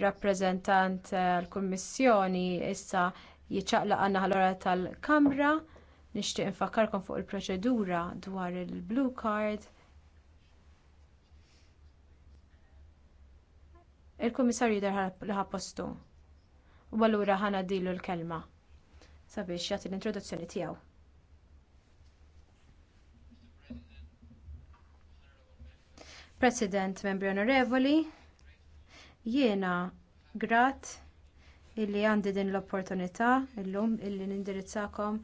rappreżentant għall-Kummissjoni issa jiċċaqlaq l ora tal-Kamra. Nixtieq infakkarkom fuq il-proċedura dwar il-blue card. Il-Kummissarju jidher li ħapostu. U allura ħana dilu l-kelma sabiex jagħti l-introduzzjoni tiegħu. President, membri onorevoli, Jiena grat illi għandi din l-opportunità illum illi nindirizzakom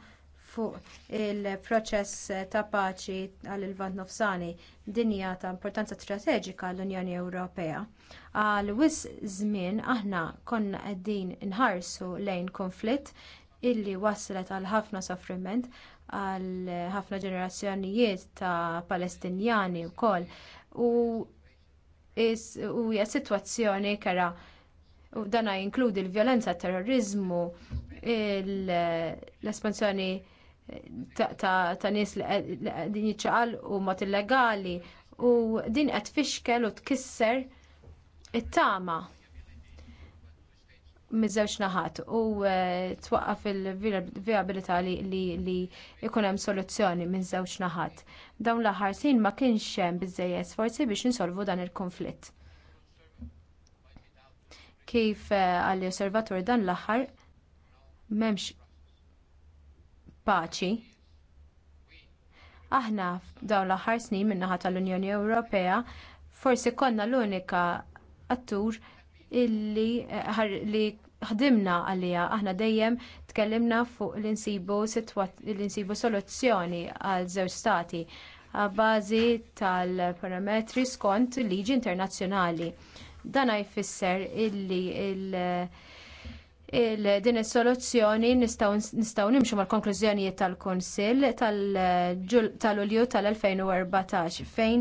fuq il-proċess ta' paċi għal il-vant nofsani dinja ta' importanza strateġika l-Unjoni Ewropea. Għal wis żmien aħna konna qegħdin inħarsu lejn konflitt illi waslet għal ħafna soffriment għal ħafna ġenerazzjonijiet ta' Palestinjani wkoll u u hija sitwazzjoni kera u dana jinkludi l-vjolenza, terrorizmu, l-espansjoni ta' nies li qegħdin jiċċaqal u mod illegali u din qed fixkel u tkisser it-tama miżewġ naħat u eh, twaqqaf il-viabilità li ikun hemm soluzzjoni minn żewġ naħat. Dawn l-aħħar sin ma kienx hemm biżejjed sforzi biex insolvu dan il-konflitt. Kif eh, għall osservatur dan l-aħħar m'hemmx paċi. Aħna dawn l-aħħar snin min-naħa tal-Unjoni Ewropea forsi konna l-unika attur illi eh, li ħdimna għalija, aħna dejjem tkellimna fuq l-insibu soluzzjoni għal żewġ stati għabbażi tal-parametri skont liġi internazzjonali. Dan jfisser illi il- din is-soluzzjoni nistgħu nimxu mal-konklużjonijiet tal-Kunsill tal-Ulju tal-2014 fejn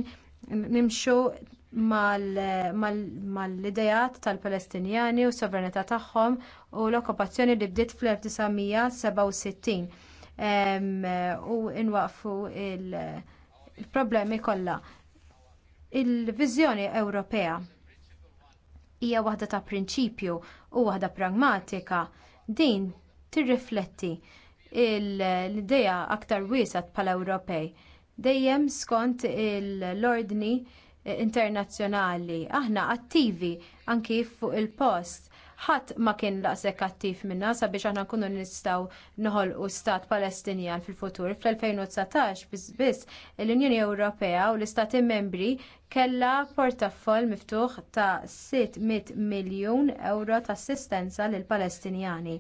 nimxu mal-idejat tal-Palestinjani u s sovranità tagħhom u l-okkupazzjoni li bdiet fl-1967 u nwaqfu l problemi kollha. Il-viżjoni Ewropea hija waħda ta' prinċipju u waħda pragmatika din tirrifletti l-idea aktar wiesgħa bħala Ewropej dejjem skont l-ordni internazzjonali. Aħna attivi anki fuq il-post. Ħadd ma kien laqsek attiv minna sabiex aħna nkunu nistgħu noħolqu stat Palestinjan fil-futur. Fl-2019 biss l-Unjoni Ewropea u l-Istati Membri kellha portafoll miftuħ ta' 600 miljun euro ta' assistenza lill Palestinjani.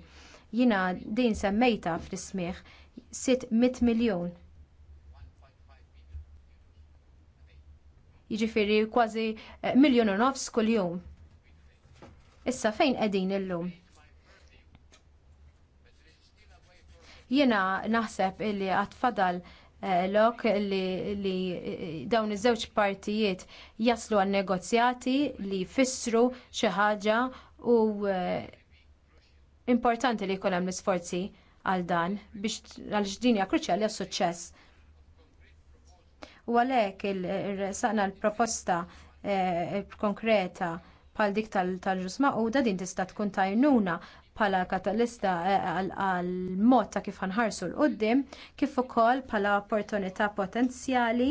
Jiena din semmejta fl-ismieħ 600 miljun jiġifieri kważi eh, miljun u nofs kuljum. Issa fejn qegħdin illum? Jiena naħseb illi fadal eh, lok li, li eh, dawn iż-żewġ partijiet jaslu għan negozjati li jfissru xi ħaġa u importanti li jkun hemm l isforzi għal dan biex għal xdinja kruċjali għas suċċess U għalhekk il-saqna l-proposta eh, konkreta bħal dik tal-ġus maquda din tista' tkun tajnuna bħala katalista eh, għal mod ta' kif ħanħarsu l-qoddim, kif ukoll bħala opportunità potenzjali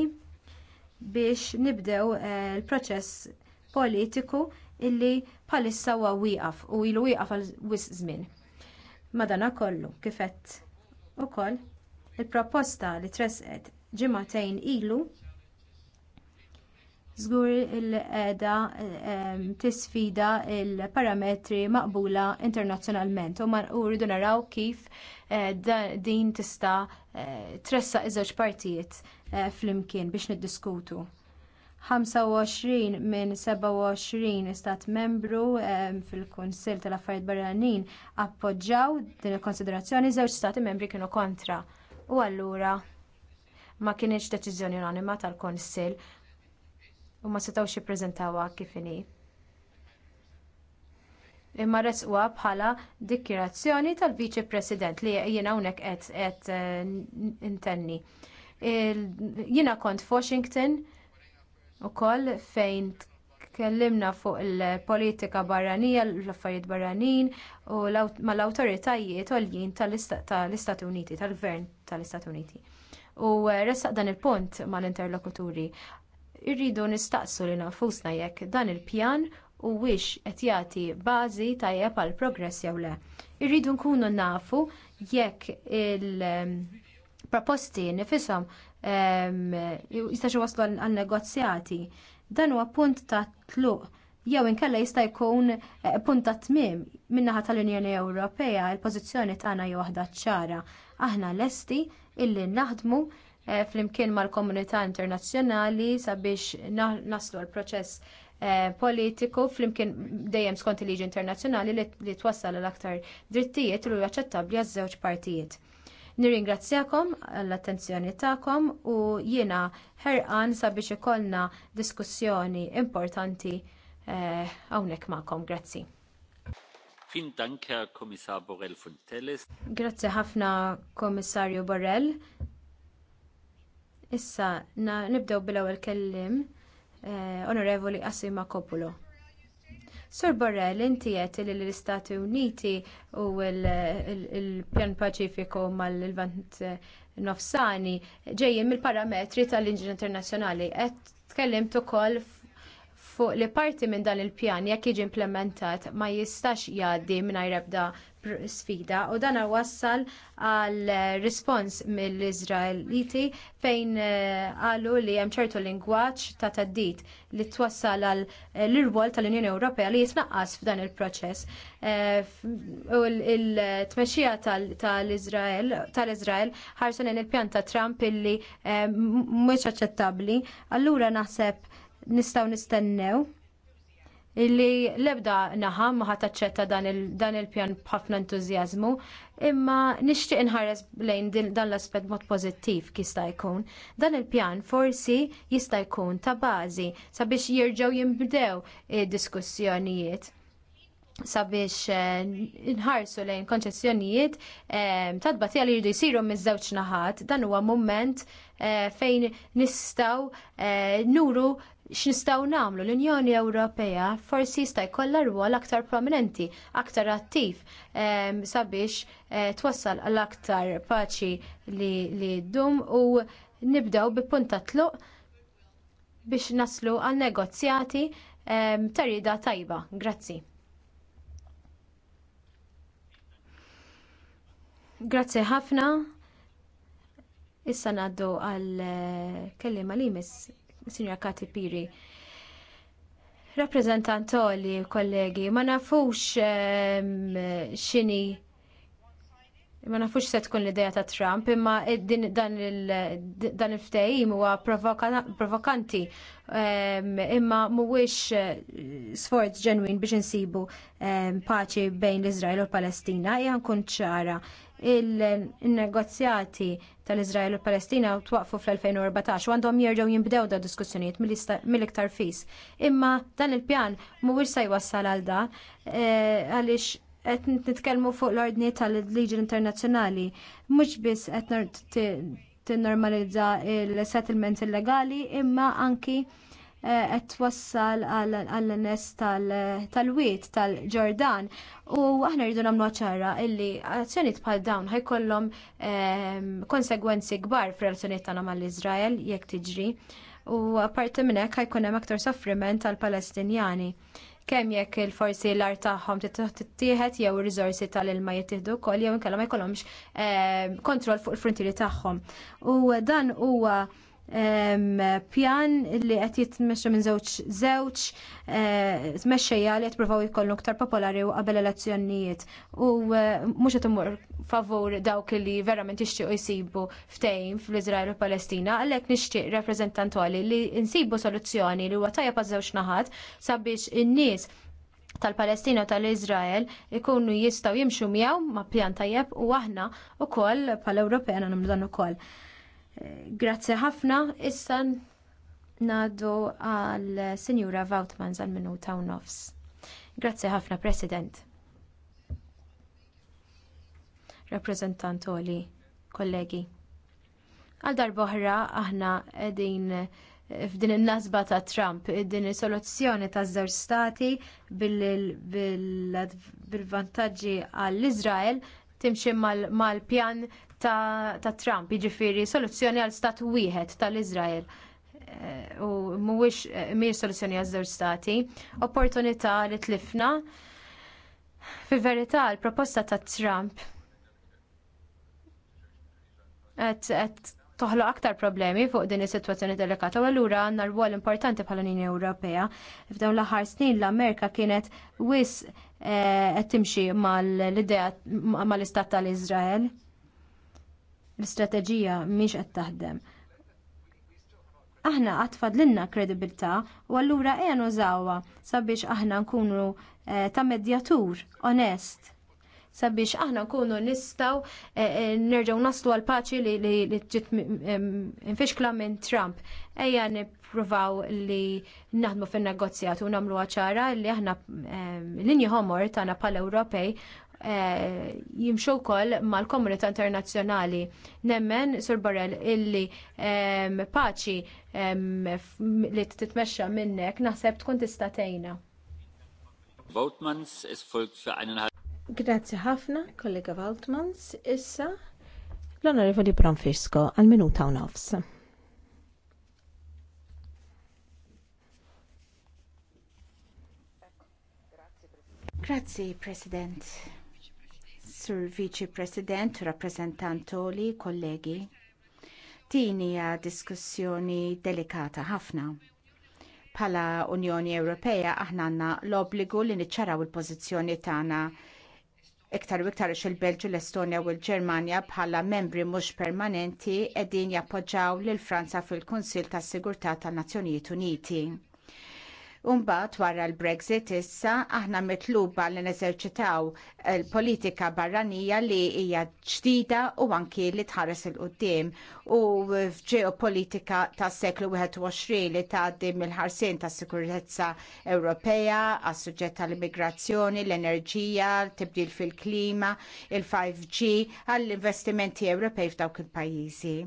biex nibdew eh, l-proċess politiku illi bħalissa huwa wieqaf u ilu wieqaf għal wisq żmien. Madana kollu kifet ukoll il-proposta li tresqet ġimatejn ilu żgur il-qeda ehm, tisfida l parametri maqbula internazzjonalment u rridu naraw kif eh, din tista' eh, tressaq iż-żewġ partijiet eh, flimkien biex niddiskutu. 25 minn 27 stat membru ehm, fil-Kunsill tal-Affarijiet Barranin appoġġjaw din il-konsiderazzjoni żewġ stati membri kienu kontra. U allura ma kienx deċiżjoni unanima tal-Konsill u ma setgħux jippreżentawha kif inhi. Imma resquha bħala dikjerazzjoni tal-Viċi President li jiena hawnhekk qed qed intenni. Jiena kont Washington ukoll fejn tkellimna fuq il-politika barranija, l-affarijiet barranin u mal awtoritajiet għoljin tal-Istati Uniti, tal-Gvern tal-Istati Uniti u ressaq dan il-punt mal-interlokuturi. Irridu nistaqsu li nafusna jekk dan il-pjan u wix qed jagħti bażi tajjeb għal progress jew le. Irridu nkunu nafu jekk il-proposti nifisom jistaxu waslu għal negozjati. Dan huwa punt ta' tluq jew inkella jista' jkun eh, punt ta' tmiem min-naħa tal-Unjoni Ewropea il-pożizzjoni tagħna hija waħda ċara Aħna lesti illi naħdmu eh, flimkien mal-komunità internazzjonali sabiex naslu l-proċess eh, politiku flimkien dejjem skont il-liġi internazzjonali li twassal l-aktar drittijiet u jaċċettabbli għaż-żewġ partijiet. Nirringrazzjakom għall-attenzjoni tagħkom u jiena ħerqan sabiex ikollna diskussjoni importanti eh, hawnhekk magħkom. Grazzi. Grazzi ħafna Komissarju Borrell. Issa nibdew bil-ewwel kellim eh, Onorevoli Asima Kopulo. Sur Borrell, inti qed li l-Istati Uniti u l-Pjan Paċifiku mal-Vant eh, Nofsani ġejjin mill-parametri tal-Inġin Internazzjonali qed tkellimt ukoll fuq li parti minn dan il-pjan jekk jiġi implementat ma jistax jgħaddi mingħajr ebda sfida u dan wassal għal rispons mill-Izraeliti fejn qalu eh, li hemm ċertu lingwaġġ ta' taddit li twassal għal eh, l-irwol tal-Unjoni Ewropea li jitnaqqas f'dan il-proċess. Eh, u l-tmexxija tal-Izrael ħarsu lejn il-pjan ta' Trump illi mhux aċċettabbli. Allura naħseb nistaw nistennew illi lebda naħam maħa taċċetta dan il-pjan il b'ħafna entużjażmu, imma nixtieq inħares lejn dan l-aspett mod pożittiv kista jkun. Dan il-pjan forsi jista' jkun ta' bażi sabiex jirġgħu jinbdew id-diskussjonijiet sabiex eh, nħarsu lejn konċessjonijiet eh, ta' tbatija li jridu jisiru miż-żewġ naħat, dan huwa mument eh, fejn nistaw nuru x'nistgħu nagħmlu l-Unjoni Ewropea forsi jista' jkollha rwol aktar prominenti, aktar attiv ehm, sabiex eh, twassal għal aktar paċi li, ddum u nibdew bi punta tluq biex naslu għal negozjati eh, tajba. Grazzi. Grazzi ħafna. Issa naddu għal eh, kelliema li miss Sinjora Kati Piri. Rappresentantoli, kollegi, ma nafux ehm, xini ma nafux se tkun l-ideja ta' Trump, imma dan il-ftehim huwa provokanti, ehm, imma mhuwiex eh, sforz ġenwin biex insibu ehm, paċi bejn l-Iżrael u l-Palestina, hija nkun ċara il-negozjati tal-Izrael u Palestina twaqfu fl-2014 u għandhom jirġaw jimbdew da diskussjonijiet mill-iktar fis. Imma dan il-pjan mhuwiex se jwassal għal dan eh, għaliex qed nitkellmu fuq l-ordni tal-liġi internazzjonali. Mhux biss qed tinnormalizza l-settlements illegali imma anki Eh, qed twassal għall-nes tal-wiet tal-Ġordan. U aħna rridu nagħmlu ċara illi azzjonijiet bħal dawn ħajkollhom ehm, konsegwenzi kbar f'relazzjonijiet tagħna mal-Iżrael jekk tiġri. U apparti minn hekk ħajkun hemm aktar soffriment tal-Palestinjani kemm jekk il-forsi l-art tagħhom tittieħed jew ir-riżorsi tal-ilma jittieħdu wkoll jew inkella ma jkollhomx ehm, kontroll fuq il-frontieri tagħhom. U dan huwa pjan li qed jitmexxa minn żewġ żewġ eh, tmexxejja li qed provaw jkollu iktar popolari u qabel elezzjonijiet u eh, mhux qed imur favur dawk li verament jixtiequ jsibu ftejn fl-Iżrael u Palestina għalhekk nixtieq rappreżentantwali li nsibu soluzzjoni li huwa tajjeb għaż-żewġ naħat sabiex in-nies tal-Palestina u tal-Izrael ikunu jistaw jimxu miegħu ma' pjan tajjeb u aħna wkoll pal-Ewropea nagħmlu dan ukoll. Grazzi ħafna, issa nadu għal Sinjura Vautman għal minuta u nofs. Grazzi ħafna, President. Rappresentant Oli, kollegi. Għal darboħra aħna edin f'din il nazba ta' Trump, din is-soluzzjoni ta' żewġ stati bil-vantaġġi għall izrael timxi mal-pjan ta', ta Trump, jiġifieri soluzzjoni għal stat wieħed tal-Izrael eh, u mhuwiex eh, mir soluzzjoni għal żewġ stati, opportunità li tlifna. Fi verità l-proposta ta' Trump qed toħloq aktar problemi fuq din is-sitwazzjoni delikata u allura għandna rwol importanti bħala Unjoni Ewropea. F'dawn l-aħħar snin l-Amerika kienet wis eh, qed timxi mal-idea mal-istat tal-Iżrael l-istrateġija mhix qed taħdem. Aħna qatt fadlilna kredibilità u allura qiegħ nużawha sabiex aħna nkunu eh, ta' medjatur onest sabiex aħna nkunu nistaw eh, eh, nerġgħu naslu għal paċi li ġiet infixkla minn Trump. Ejja nippruvaw li naħdmu fin negozjat u nagħmlu ċara li aħna linji homor tagħna pal-Ewropej Eh, jimxu wkoll mal-komunità internazzjonali. Nemmen, Sur Borrell, illi paċi li titmexxa minnek naħseb tkun tista' tgħinha. Vautmans, Grazie ħafna, kollega Voltmans. Issa, l-onorevoli Bronfisco, għal-minuta u nofs. Grazie, President. Sur Viċi President, rappresentantoli, kollegi. Tini hija diskussjoni delikata ħafna. Bħala Unjoni Ewropea aħna għandna l-obbligu li niċċaraw il-pożizzjoni tagħna iktar u iktar il-Belġu, l-Estonja u l-Ġermanja bħala membri mhux permanenti qegħdin jappoġġaw lil Franza fil-Kunsill tas-Sigurtà tan-Nazzjonijiet Uniti. Umbat wara l-Brexit issa aħna mitluba li neżerċitaw l-politika eh, barranija li hija ġdida u anki li tħares il-qoddim u ġeopolitika tas seklu 21 li tgħaddi il ħarsien tas sikurezza Ewropea għas suġġett l immigrazzjoni l l-enerġija, l-tibdil fil-klima, il-5G għall-investimenti Ewropej f'dawk il-pajjiżi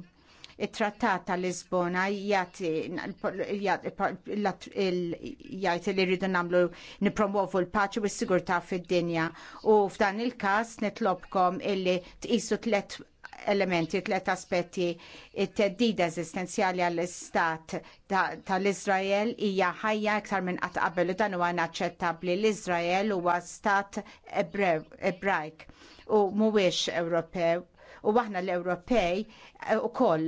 it-trattat tal-Lisbona jgħid li rridu nagħmlu nipromovu l-paċi u s-sigurtà fid-dinja. U f'dan il-każ nitlobkom illi tqisu tliet elementi, tliet aspetti it-teddida eżistenzjali għall-istat tal-Izrael hija ħajja iktar minn qatt qabel u dan huwa inaċċettabbli l-Izrael huwa stat Ebrajk u mhuwiex Ewropew u aħna l-Ewropej u koll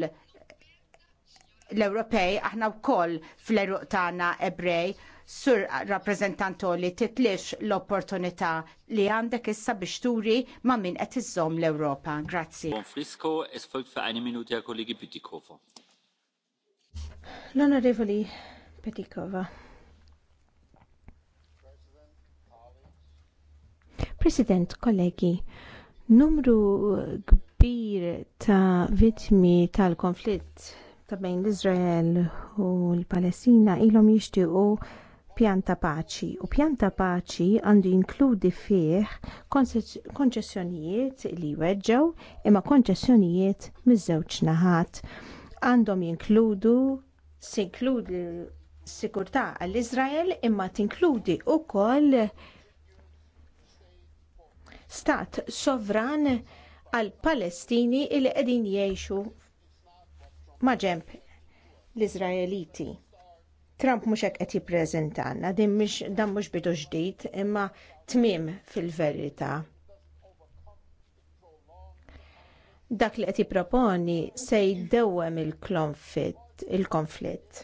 l-Ewropej, aħna wkoll fl-eruq tagħna Ebrej, sur rappresentantoli titlix l-opportunità li għandek issa biex turi ma' min qed iżżomm l-Ewropa. Grazzi. Bonfrisco, es folgt für eine Minute Herr Kollege L-Onorevoli Petikova. President, kollegi, numru kbir ta' vittmi tal-konflitt ta' bejn l-Izrael u l-Palestina ilhom jixtiequ pjanta paċi u pjanta paċi għandu jinkludi fih konċessjonijiet li weġġew imma konċessjonijiet miż-żewġ naħat għandhom jinkludu sinkludi sigurtà għall-Izrael imma tinkludi wkoll stat sovran għall palestini li qegħdin jgħixu ma' ġemp l-Izraeliti. Trump mhux hekk qed jippreżentanna, din mux dan mhux bidu ġdid, imma tmiem fil-verità. Dak li qed jipproponi se jdewwem il-konflitt, il-konflitt.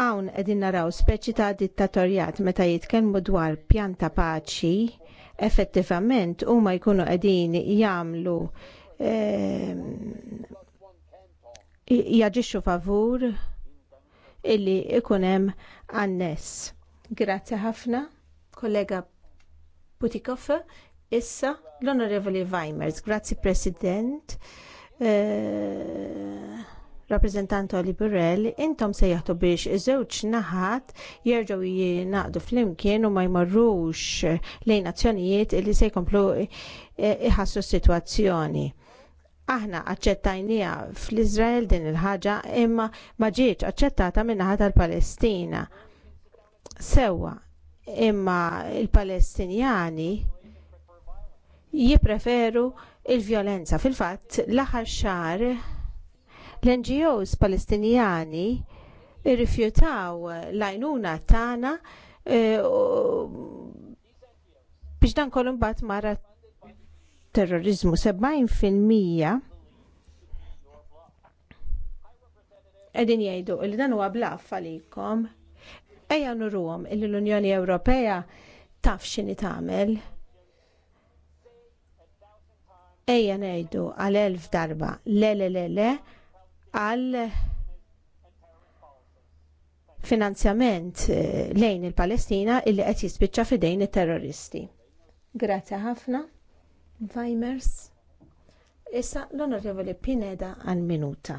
Hawn qegħdin naraw speċi ta' dittatorjat meta jitkellmu dwar pjan ta' paċi, effettivament huma jkunu qegħdin jagħmlu Ehm, jaġixxu favur illi ikun hemm għannes. Grazzi ħafna, kollega Putikoff, issa l-Onorevoli Weimers, grazzi President, eh, rappresentant Oli Burrell, intom se jaħtu biex iż-żewġ naħat jerġgħu jinaqdu flimkien u ma jmorrux lejn azzjonijiet illi se jkomplu iħassu s-sitwazzjoni aħna aċċettajnija fl-Izrael din il-ħaġa imma ma ġietx aċċettata min-naħa tal-Palestina. Sewwa, imma l palestinjani jippreferu l vjolenza Fil-fatt, l-aħħar xar l-NGOs palestinjani irrifjutaw l-għajnuna tagħna eh, biex dan kollu mbagħad mara terrorizmu. 70% edin jgħidu li dan huwa blaf għalikom. Ejja nurruhom illi l-Unjoni Ewropea taf x'inhi tagħmel. Ejja ngħidu għal elf darba le le le le għal finanzjament eh, lejn il-Palestina illi qed jispiċċa fidejn it-terroristi. Grazzi ħafna. Weimers. Issa l-Onorevoli Pineda għal minuta.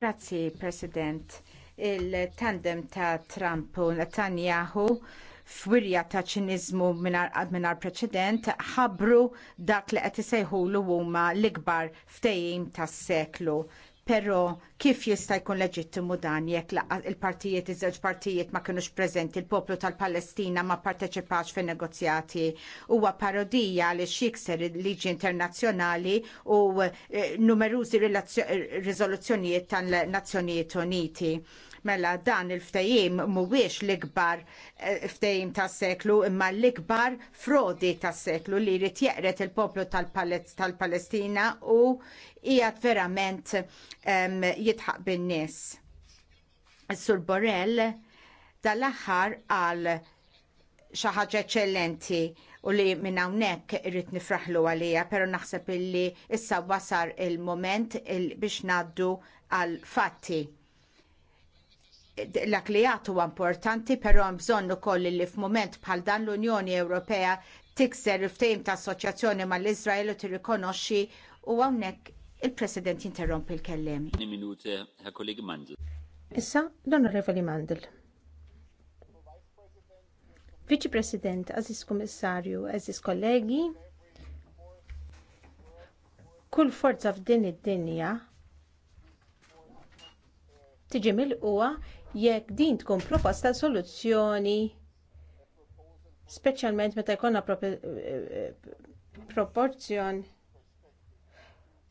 Grazzi, President. Il-tandem ta' Trump u Netanyahu f'wirja ta' ċinizmu minar preċedent ħabru dak li qed isejħulu huma l-ikbar ftehim tas-seklu Però kif jista' jkun leġittimu dan jekk il-partijiet iż-żewġ partijiet ma kinux preżenti il-poplu tal-Palestina ma parteċipax fin negozjati huwa parodija li xikser il-liġi internazzjonali u eh, numerużi riżoluzzjonijiet tan-Nazzjonijiet Uniti. Mela dan il-ftehim mhuwiex l-ikbar eh, ftajim mhuwiex l ikbar ftajim tas seklu imma l-ikbar frodi tas-seklu li jrid jeqret il-poplu tal-Palestina u qiegħed verament jitħaq bin-nies. Sur Borrell dal-aħħar għal xi ħaġa eċċellenti u li minn hawnhekk irrid nifraħlu għalija, però naħseb illi issa wasar il mument il biex ngħaddu għal fatti dak li huwa importanti, però hemm bżonn ukoll li f'mument bħal dan l-Unjoni Ewropea tikser il-ftehim ta' assoċjazzjoni mal-Iżrael u tirrikonoxxi u hawnhekk il-President jinterrompi l-kellem. ħa Mandl. Issa, l-Onorevoli Mandl. Viċi President, Aziz Kummissarju, Aziz Kollegi, kull forza f'din id-dinja tiġi mill jekk din tkun proposta soluzzjoni speċjalment meta jkollna eh, proporzjon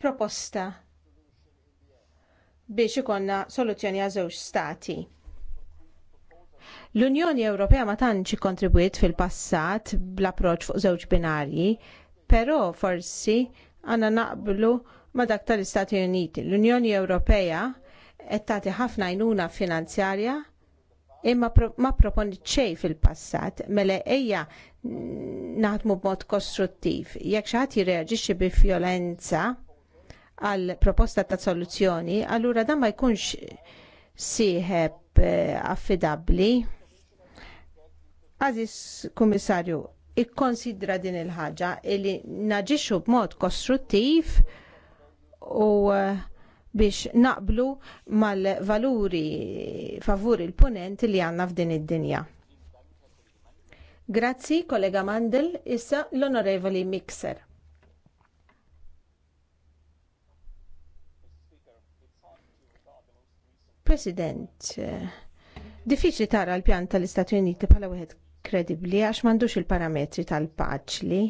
proposta biex ikonna soluzzjoni għal żewġ stati. L-Unjoni Ewropea ma tantx kontribwiet fil-passat bl-approċċ fuq żewġ binarji, però forsi għandna naqblu ma dak tal-Istati Uniti. L-Unjoni Ewropea qed tagħti ħafna għajnuna finanzjarja imma ma proponi xejn fil-passat mele ejja naħdmu b'mod kostruttiv. Jekk xi ħadd jirreaġixxi bi violenza għal proposta ta' soluzzjoni, allura dan ma jkunx sieħeb eh, affidabbli. Aziz Kummissarju, ikkonsidra din il-ħaġa illi naġixxu b'mod kostruttiv u uh, biex naqblu mal-valuri favur il-punent li għanna f'din id-dinja. Grazzi, kollega Mandel, issa l-onorevoli Mixer. President, diffiċli tara l-pjan tal-Istati Uniti bħala wieħed kredibbli għax m'għandux il-parametri tal-paċli,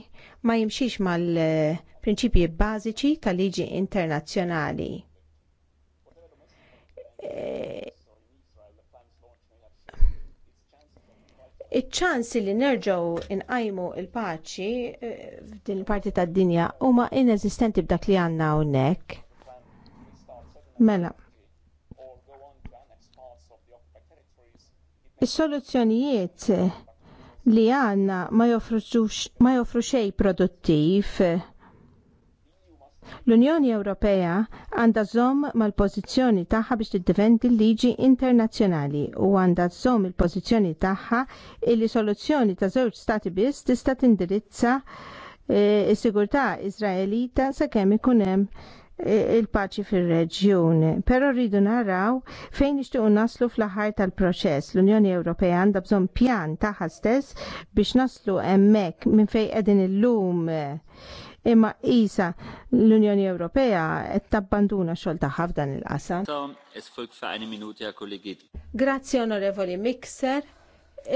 ma jimxiex mal-prinċipji bażiċi tal-liġi internazzjonali iċ-ċansi li nerġgħu inqajmu il-paċi eh, f'din il-parti tad-dinja huma ineżistenti b'dak li għandna hawnhekk. Mela. Is-soluzzjonijiet li għandna ma joffru xejn produttiv L-Unjoni Ewropea għandha żomm mal-pożizzjoni tagħha biex tiddefendi l-liġi internazzjonali u għandha żomm il-pożizzjoni tagħha li soluzzjoni ta' żewġ stati biss tista' tindirizza e, s-sigurtà Iżraelita sakemm ikun hemm e, il-paċi fil-reġjuni. Pero rridu naraw fejn nixtiequ naslu fl-aħħar tal-proċess. L-Unjoni Ewropea għandha bżonn pjan taħħa stess biex naslu hemmhekk minn fejn qegħdin illum imma isa l-Unjoni Ewropea qed tabbanduna xogħol tagħha f'dan il-qasam. Grazzi Onorevoli Mixer.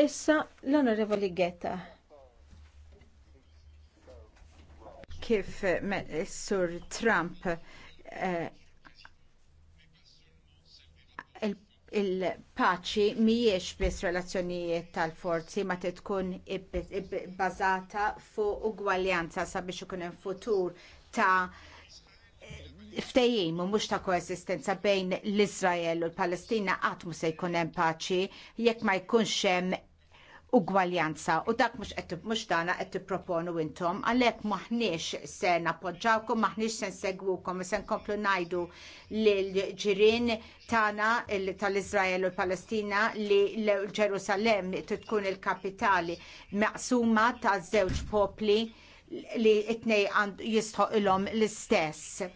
Issa l-Onorevoli Getta. Kif Sur Trump eh, il-paċi mhijiex biss relazzjonijiet tal-forzi ma tkun bbażata fuq ugwaljanza sabiex ikun hemm futur ta' ftehim u mhux ta' koesistenza bejn l-Izrael u l-Palestina qatt mhux se jkun hemm paċi jekk ma jkunx hemm ugwaljanza u dak mhux għettib mux dana qed tipproponu intom għalhekk maħniex se nappoġġawkom maħniex se nsegwukom se nkomplu ngħidu l ġirien tagħna tal-Iżrael u l-Palestina li l ġerusalem tkun il-kapitali maqsuma ta' żewġ popli li t għand jistħu l-istess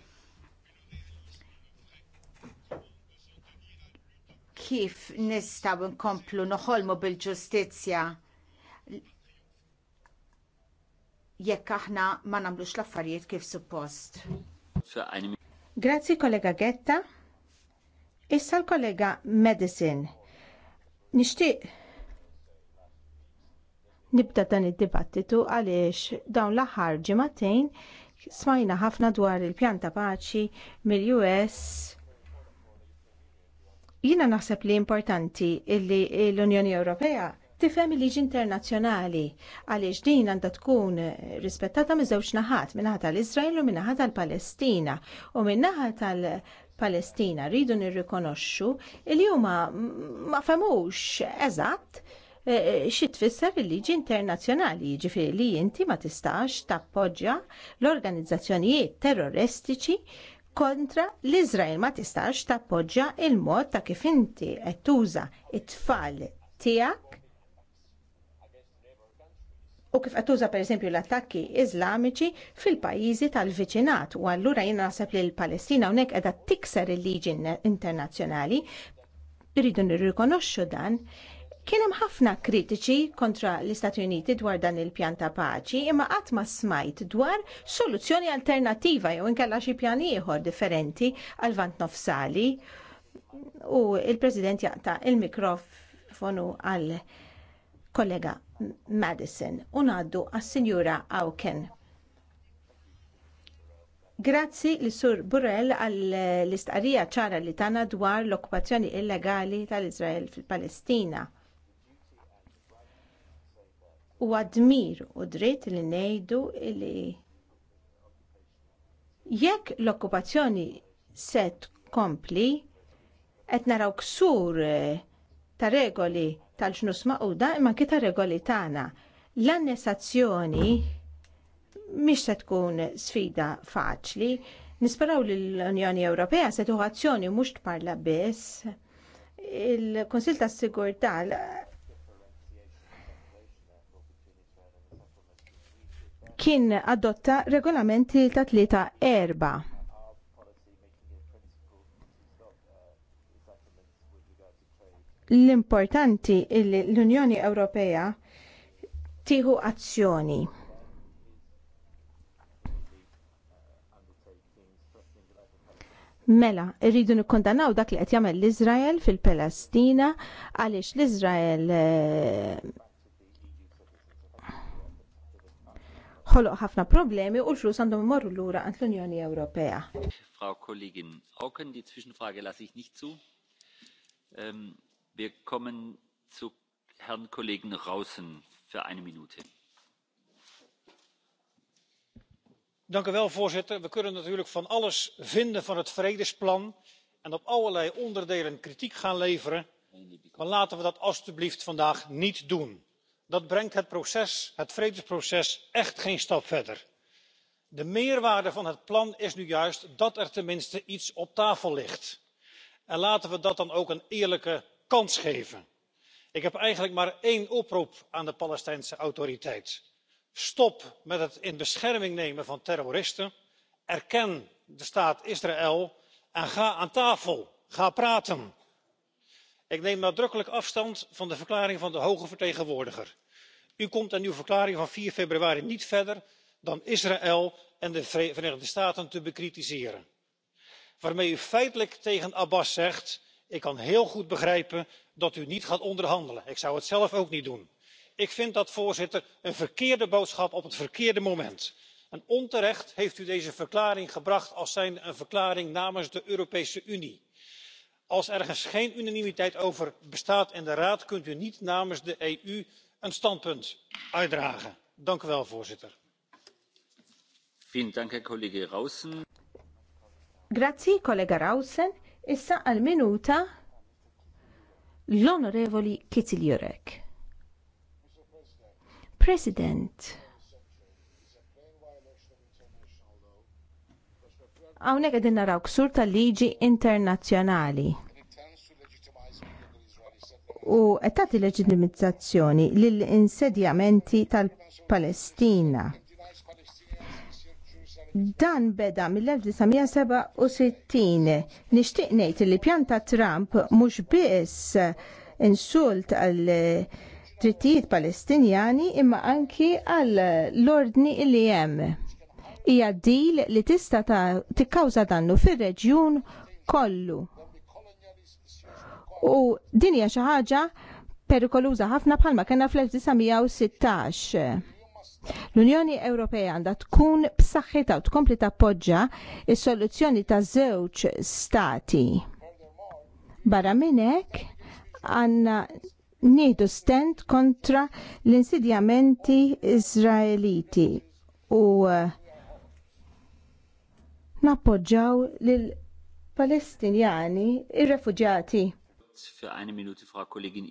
kif nistaw nkomplu noħolmu bil-ġustizzja jekk aħna ma nagħmlux l-affarijiet kif suppost. Grazzi kollega Getta. Issa l-kollega Medicine. Nixtieq nibda dan id-dibattitu għaliex dawn l-aħħar ġimatejn smajna ħafna dwar il-pjan ta' paċi mill-US Jina naħseb li importanti illi l-Unjoni Ewropea tifhem il-liġi internazzjonali għaliex din għandha tkun rispettata minn żewġ naħat naħat tal-Iżrael u naħat tal-Palestina u naħat tal- Palestina rridu nirrikonoxxu li huma ma femux eżatt e, e, xi tfisser il-liġi internazzjonali, jiġifieri li inti ma tistax tappoġġja l-organizzazzjonijiet terroristiċi kontra l iżrael ma tistax tappoġġja l mod ta' kif inti qed tuża t tfal tiegħek u kif qed tuża pereżempju l-attakki iżlamiċi fil-pajjiżi tal-viċinat u allura jiena naħseb li l-Palestina hawnhekk qiegħda tikser il-liġi internazzjonali irridu nirrikonoxxu dan Kien hemm ħafna kritiċi kontra l-Istati Uniti dwar dan il-pjan ta' paċi, imma qatt ma smajt dwar soluzzjoni alternattiva jew inkella xi pjan ieħor differenti għal vant nofsali. U il-President jaqta' il-mikrofonu għal kollega Madison u ngħaddu għas-Sinjura Awken. Grazzi li sur Burrell għall istqarrija ċara li tana dwar l-okkupazzjoni illegali tal-Izrael fil-Palestina u għadmir u dritt li ngħidu li jekk l-okkupazzjoni se tkompli qed naraw ksur eh, ta' regoli tal-ġnus maquda imma anke ta' regoli tagħna. L-annessazzjoni mish se tkun sfida faċli. Nisperaw li l-Unjoni Ewropea se tuħu azzjoni mhux tparla biss. Il-Konsil tas-Sigurtà kien adotta regolamenti ta' tlieta erba. L-importanti li l-Unjoni Ewropea tieħu azzjoni. Mela, irridu nikkondannaw dak li qed jagħmel l-Iżrael fil-Palestina għaliex l-Iżrael eh, ħoloq ħafna problemi u l-flus għandhom morru l-ura għant l-Unjoni Ewropea. Frau Kollegin Auken, die Zwischenfrage lasse ich nicht zu. Ähm, wir kommen zu Herrn Kollegen Rausen für eine Minute. Dank u wel, voorzitter. We kunnen natuurlijk van alles vinden van het vredesplan en op allerlei onderdelen kritiek gaan leveren. Maar laten we dat alstublieft vandaag niet doen dat brengt het proces het vredesproces echt geen stap verder. de meerwaarde van het plan is nu juist dat er tenminste iets op tafel ligt en laten we dat dan ook een eerlijke kans geven. ik heb eigenlijk maar één oproep aan de palestijnse autoriteit stop met het in bescherming nemen van terroristen erken de staat israël en ga aan tafel ga praten. ik neem nadrukkelijk afstand van de verklaring van de hoge vertegenwoordiger u komt in uw verklaring van vier februari niet verder dan israël en de verenigde staten te bekritiseren waarmee u feitelijk tegen abbas zegt ik kan heel goed begrijpen dat u niet gaat onderhandelen ik zou het zelf ook niet doen. ik vind dat voorzitter, een verkeerde boodschap op het verkeerde moment en onterecht heeft u deze verklaring gebracht als zijnde een verklaring namens de europese unie. als ergens geen unanimiteit over bestaat in de raad kunt u niet namens de eu een standpunt uitdragen. Dank u wel, voorzitter. Vielen Dank, Grazzi, kollega Rausen. Issa għal minuta l-Onorevoli Kitiljurek. President. Għawnek għedin naraw ksur tal-liġi internazjonali u qed tagħti leġitimizzazzjoni lill insedjamenti tal-Palestina. Dan beda mill-1967 nixtieq ngħid li pjanta Trump mhux biss insult għal drittijiet Palestinjani imma anki għal l-ordni li Ija Hija dil li tista' tikkawża dannu fir-reġjun kollu U din hija xi ħaġa perikoluża ħafna bħalma kellna fl-1916. L-Unjoni Ewropea għandha tkun b'saħħitha u tkompli tappoġġja is-soluzzjoni ta' żewġ stati. Barra minn hekk għandna nieħdu stent kontra l-insidjamenti Iżraeliti u eh, nappoġġaw lil Palestinjani ir-refuġjati Biex jirġom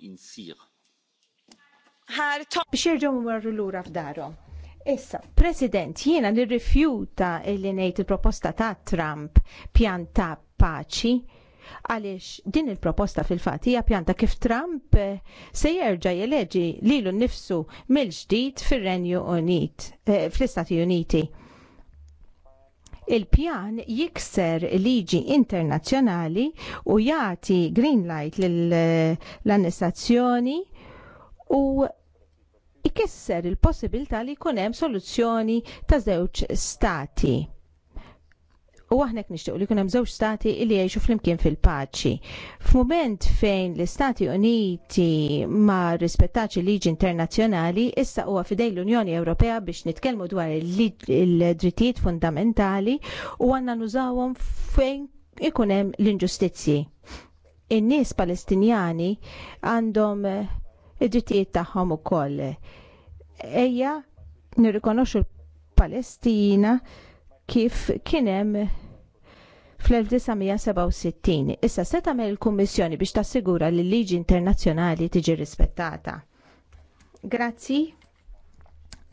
marru l-ura f'darhom. Issa, President, jiena nirrifjuta li ngħid il-proposta ta' Trump pjanta paċi għaliex din il-proposta fil-fatt hija pjanta kif Trump eh, se jerġa' jeleġi lilu nnifsu mill-ġdid fir-Renju Unit, eh, fl-Istati Uniti. Il-pjan jikser liġi internazzjonali u jagħti green light l-annessazzjoni u ikisser il-possibilità li jkun hemm soluzzjoni ta' żewġ stati U għahnek nishtiq li jkun hemm żewġ stati li jgħixu flimkien fil-paċi. F'mument fejn l-Istati Uniti ma rispettax il-liġi internazzjonali, issa huwa fidej l-Unjoni Ewropea biex nitkellmu dwar il-drittijiet fundamentali u għandna nużawhom fejn ikun hemm l-inġustizzji. In-nies Palestinjani għandhom eh, id-drittijiet tagħhom ukoll. Ejja nirrikonoxxu l-Palestina kif kienem fl-1967. Issa se tagħmel il-Kummissjoni biex tassigura li l-liġi internazzjonali tiġi rispettata. Grazzi,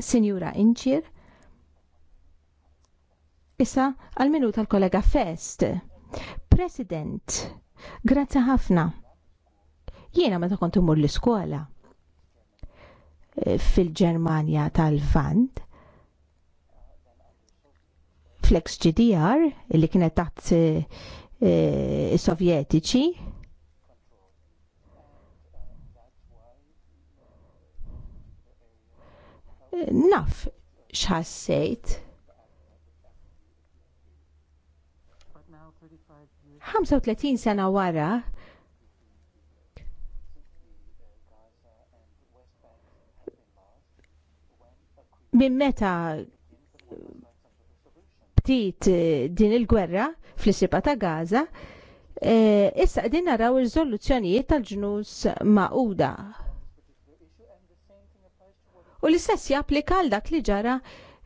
Sinjura Inċir. Issa għal minu tal-kollega Fest. President, grazzi ħafna. Jiena meta kont imur l-iskola eh, fil-Ġermanja tal-Vand, flex GDR li kienet taħt e, eh, eh, sovjetiċi naf xħassejt 35 sena wara Min meta ftit eh, din il-gwerra fl isipa ta' Gaza, eh, issa qegħdin naraw il-żoluzzjonijiet tal-ġnus ma'uda. U l-istess japplika għal dak li ġara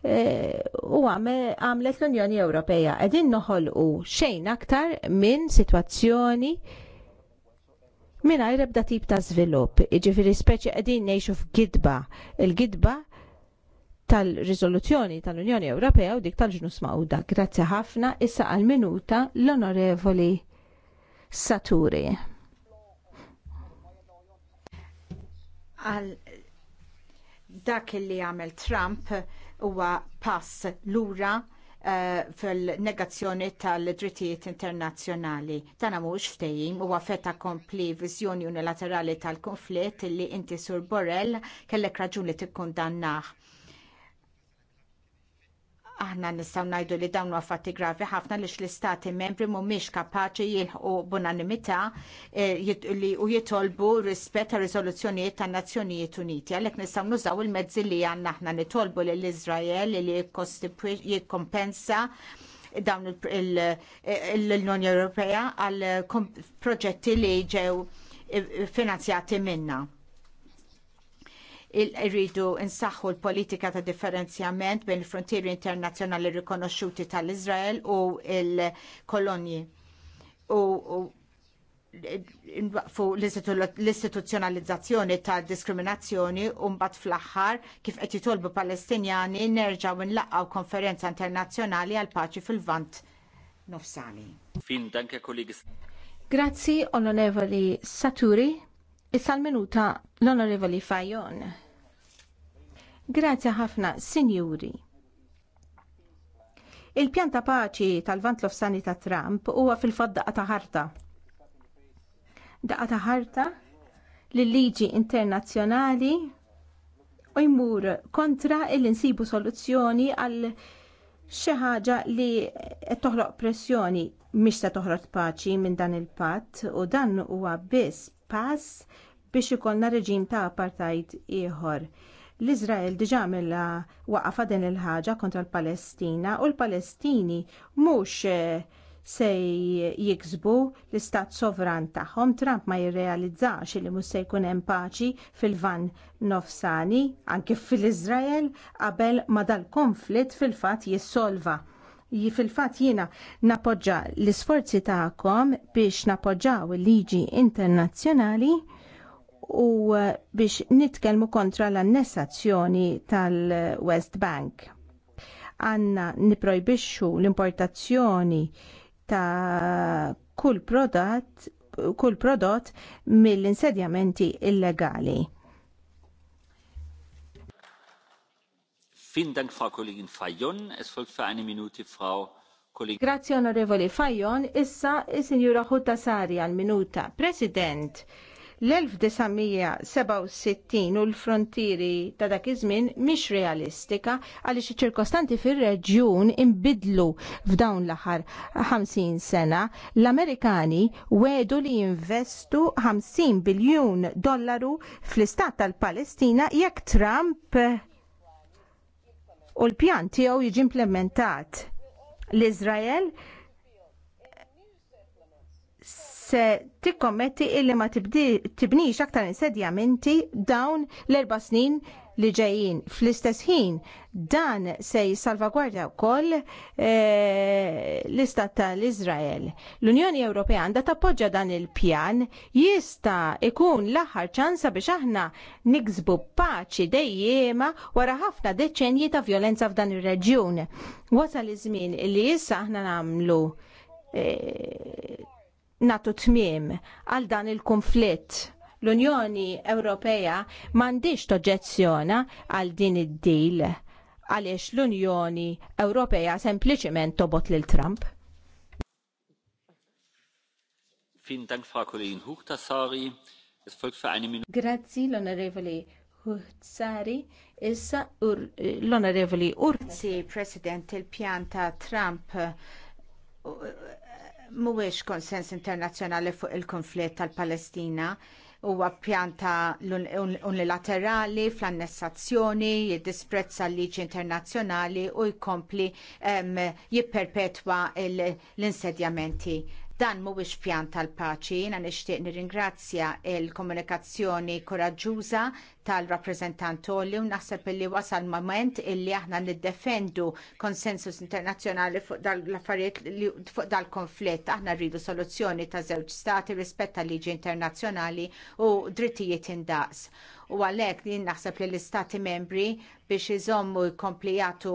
eh, u għamlet l-Unjoni Ewropeja noħol noħolqu xejn aktar minn situazzjoni minn ebda tip ta' svilupp. Iġifiri speċi għedin neħxu f'gidba. Il-gidba tal-riżoluzzjoni tal-Unjoni Ewropea u dik tal-ġnus mawda. Grazzi ħafna issa għal-minuta l-onorevoli Saturi. Għal dak li għamel Trump huwa pass lura eh, fil-negazzjoni tal-drittijiet internazzjonali. Dan mhux ftehim huwa feta kompli viżjoni unilaterali tal-konflitt li inti sur Borrell kellek raġun li tikkundannaħ Aħna nistgħu ngħidu li dawn huwa fatti gravi ħafna lix l-istati membri mhumiex kapaċi jilħqu b'unanimità eh, u jitolbu rispett ta' riżoluzzjonijiet tan Nazzjonijiet Uniti. Għalhekk nistgħu nużaw il-mezzi li għandna aħna nitolbu lill iżrael li jikkompensa dawn l-Unjoni Ewropea għal proġetti li ġew eh, finanzjati minna irridu insaħħu l-politika ta' differenzjament bejn il-frontieri internazzjonali rikonoxxuti tal-Izrael u l-kolonji. U, fu l-istituzzjonalizzazzjoni ta' diskriminazzjoni mbagħad fl-axħar kif qed jitolbu Palestinjani nerġaw nlaqgħu konferenza internazzjonali għal paċi fil-Vant nofsani. Fin danke kollegi. Grazzi onorevoli Saturi. Issa l-minuta l-Onorevoli Fajon. Grazzi ħafna, Sinjuri. Il-pjan ta' paċi tal-vant l-ofsani ta' Trump huwa fil-fad daqqa ta' ħarta. Daqqa ta' ħarta lill-liġi internazzjonali u jmur kontra il-insibu soluzzjoni għal xi ħaġa li qed toħloq pressjoni mish ta' toħroġ paċi minn dan il-patt u dan huwa biss pass biex ikollna reġim ta' apartheid ieħor. L-Izrael diġa għamilha waqafa din il-ħaġa kontra l-Palestina u l-Palestini mhux eh, se jiksbu l-istat sovran tagħhom, Trump ma jirrealizzax li mhux se jkun hemm paċi fil-van nofsani, anke fil-Iżrael, qabel ma dal-konflitt fil-fatt jissolva fil-fat jiena napoġġa l-isforzi ta'kom biex napoġġaw il-liġi internazzjonali u uh, biex nitkelmu kontra l-annessazzjoni tal-West Bank. Għanna niprojbixxu l-importazzjoni ta' kull prodott kull prodott mill-insedjamenti illegali. Grazie onorevoli Fajon, issa is-Sinjura eh, Hutta Sari minuta. President, l-1967 u l-frontieri ta' dak iż-żmien mhix realistika għaliex iċ-ċirkostanti fir-reġjun imbidlu f'dawn l-aħħar 50 sena. L-Amerikani wedu li jinvestu 50 biljun dollaru fl-istat tal-Palestina jekk Trump u l-pjan tiegħu jiġi implementat. L-Izrael se tikkommetti illi ma tibnix aktar insedjamenti dawn l-erba snin li ġejjin. Fl-istess ħin dan se jissalvagwardja wkoll eh, l-istat tal-Iżrael. L-Unjoni Ewropea għandha tappoġġa dan il-pjan jista' ikun l-aħħar ċansa biex aħna niksbu paċi dejjema wara ħafna deċenji ta' violenza f'dan ir-reġjun. Wasal iż-żmien li issa aħna nagħmlu eh, natu tmiem għal dan il-konflitt L-Unjoni Ewropea m'għandix toġġezzjona għal din id-deal għaliex l-Unjoni Ewropea sempliciment tobot lil Trump. Grazzi Dank, onorevoli Kollegin Huchtasari. Es folgt eine Grazie, Issa l-onorevoli Urzi, President, il-pjanta Trump uh, mhuwiex konsens internazzjonali fuq il-konflitt tal-Palestina huwa pjanta unilaterali fl-annessazzjoni, jiddisprezza l-liġi internazzjonali u jkompli jipperpetwa l-insedjamenti dan mhuwiex pjanta tal-paċi, nishtiq nixtieq nirringrazzja l komunikazzjoni koraġġuża tal-rappresentant li u naħseb li wasal moment illi aħna niddefendu konsensus internazzjonali fuq dal-affarijiet fuq dal-konflitt. Aħna rridu soluzzjoni ta' żewġ stati rispetta liġi internazzjonali u drittijiet indaqs u għalek li naħseb li l-istati membri biex iżommu jkomplijatu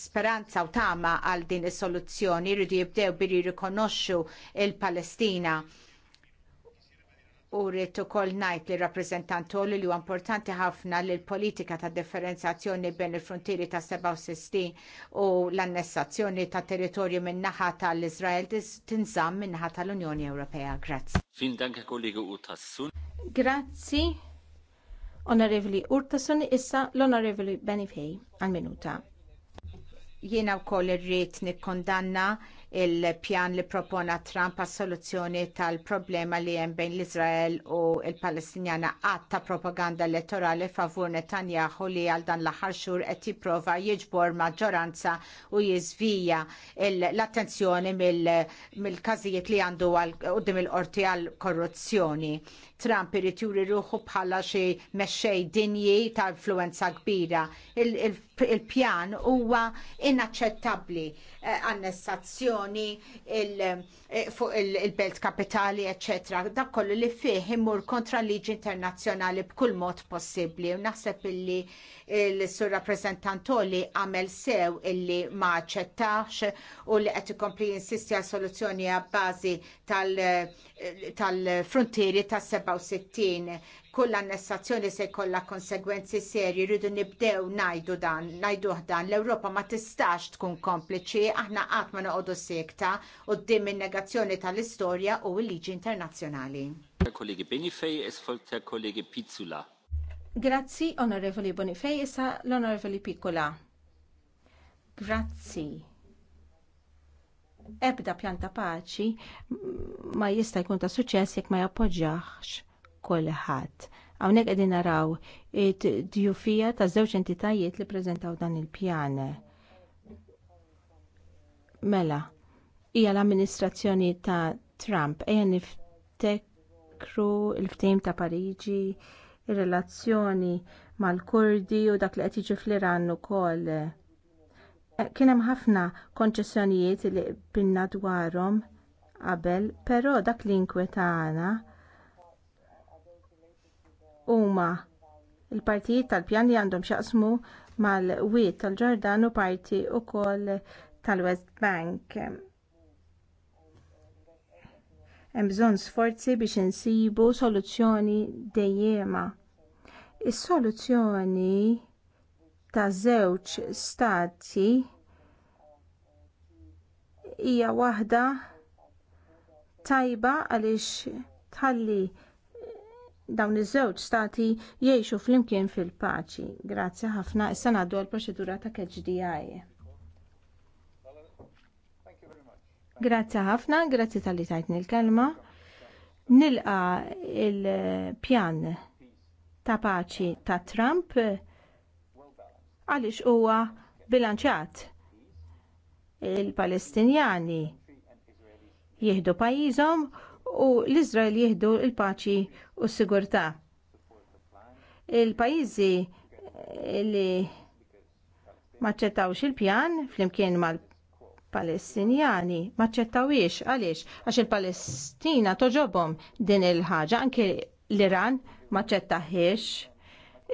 speranza u tama għal din is-soluzzjoni jridu jibdew biri jirrikonoxxu il-Palestina u rrit ukoll ngħid li rappreżentantoli li huwa importanti ħafna li l-politika ta' differenzjazzjoni bejn il-frontieri ta' 67 u l-annessazzjoni ta' territorju min naħa tal iżrael tinżamm min naħa tal-Unjoni Ewropea. Grazzi. Fin danke kollegu Urtassun. Grazzi. Onorevoli Urtasun issa l-Onorevoli Benifej għal-minuta. Jiena wkoll irrid nikkondanna il-pjan li propona Trump għas soluzzjoni tal-problema li hemm bejn l-Izrael u l-Palestinjana għad ta' propaganda elettorali favur Netanyahu li għal dan l-aħħar xhur qed jipprova jiġbor maġġoranza u jiżvija l-attenzjoni mill-każijiet li għandu qudiem il-qorti għal korruzzjoni. Trump irid juri ruħu bħala xi mexxej dinji ta' influenza kbira il-pjan huwa inaċċettabbli eh, annessazzjoni eh, fuq il-belt kapitali, ecc. Dak kollu li fih imur kontra liġi internazzjonali b'kull mod possibbli. U naħseb illi l-sur rappresentantoli għamel sew illi ma ċettax u li qed ikompli insisti għal soluzzjoni għabbażi eh, tal-frontieri tal-67 kull annessazzjoni se jkollha konsegwenzi serji rridu nibdew ngħidu dan, ngħidu dan l-Ewropa ma tistax tkun kompliċi aħna qatt ma noqogħdu sekta quddiem in-negazzjoni tal-istorja u l-liġi internazzjonali. Kollegi Benifej, esfolta kollegi Pizzula. Grazzi, onorevoli Bonifej, issa l-onorevoli Piccola. Grazzi ebda pjanta paċi ma jista' jkun ta' suċċess jekk ma jappoġġjaħx kulħadd. Hawnhekk qegħdin naraw it djufija ta' żewġ entitajiet li prezentaw dan il-pjan. Mela, hija l-amministrazzjoni ta' Trump ejja niftekru il ftehim ta' Parigi, ir-relazzjoni mal-Kurdi u dak li qed jiġi fl-Iran ukoll. Eh, kien hemm ħafna konċessjonijiet li binna dwarhom qabel, però dak li inkwetana huma il-partijiet tal-pjan li għandhom xaqsmu mal-wiet tal-ġordan u parti wkoll tal-West Bank. Hemm bżonn sforzi biex insibu soluzzjoni dejjema. Is-soluzzjoni ta' żewġ stati hija waħda tajba għaliex tħalli dawn iż-żewġ stati jgħixu flimkien fil-paċi. Grazzi ħafna, issa ngħaddu għall-proċedura ta' KHDI. Grazzi ħafna, grazzi tal-li tajtni l-kelma. Nilqa il-pjan ta' paċi ta' Trump għaliex huwa bilanċat il-Palestinjani jieħdu pajjiżhom u l-Izrael jieħdu l paċi u s-sigurtà. Il-pajjiżi li maċċettawx il-pjan flimkien mal-Palestinjani maċċettawiex għaliex għax il-Palestina toġobhom din il-ħaġa anke l-Iran maċċettaħiex.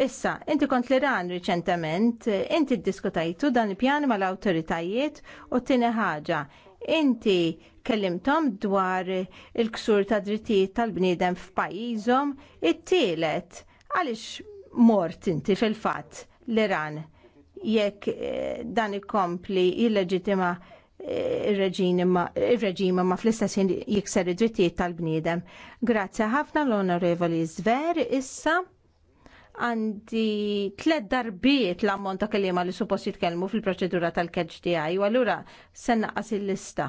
Issa, inti kont l-Iran riċentement, inti ddiskutajtu dan il-pjan mal-awtoritajiet u t-tini ħaġa Inti kellimtom dwar il-ksur ta' drittijiet tal-bniedem f'pajjiżhom, it-tielet għaliex mort inti fil-fatt l-Iran jekk eh, dan ikompli illeġitima eh, il-reġim ma fl-istess jikser id-drittijiet tal-bniedem. Grazzi ħafna l-Onorevoli Zver issa għandi tlet darbiet l-ammont ta' kelliema li suppost jitkellmu fil-proċedura tal-kedġ tiegħi u allura se naqas il-lista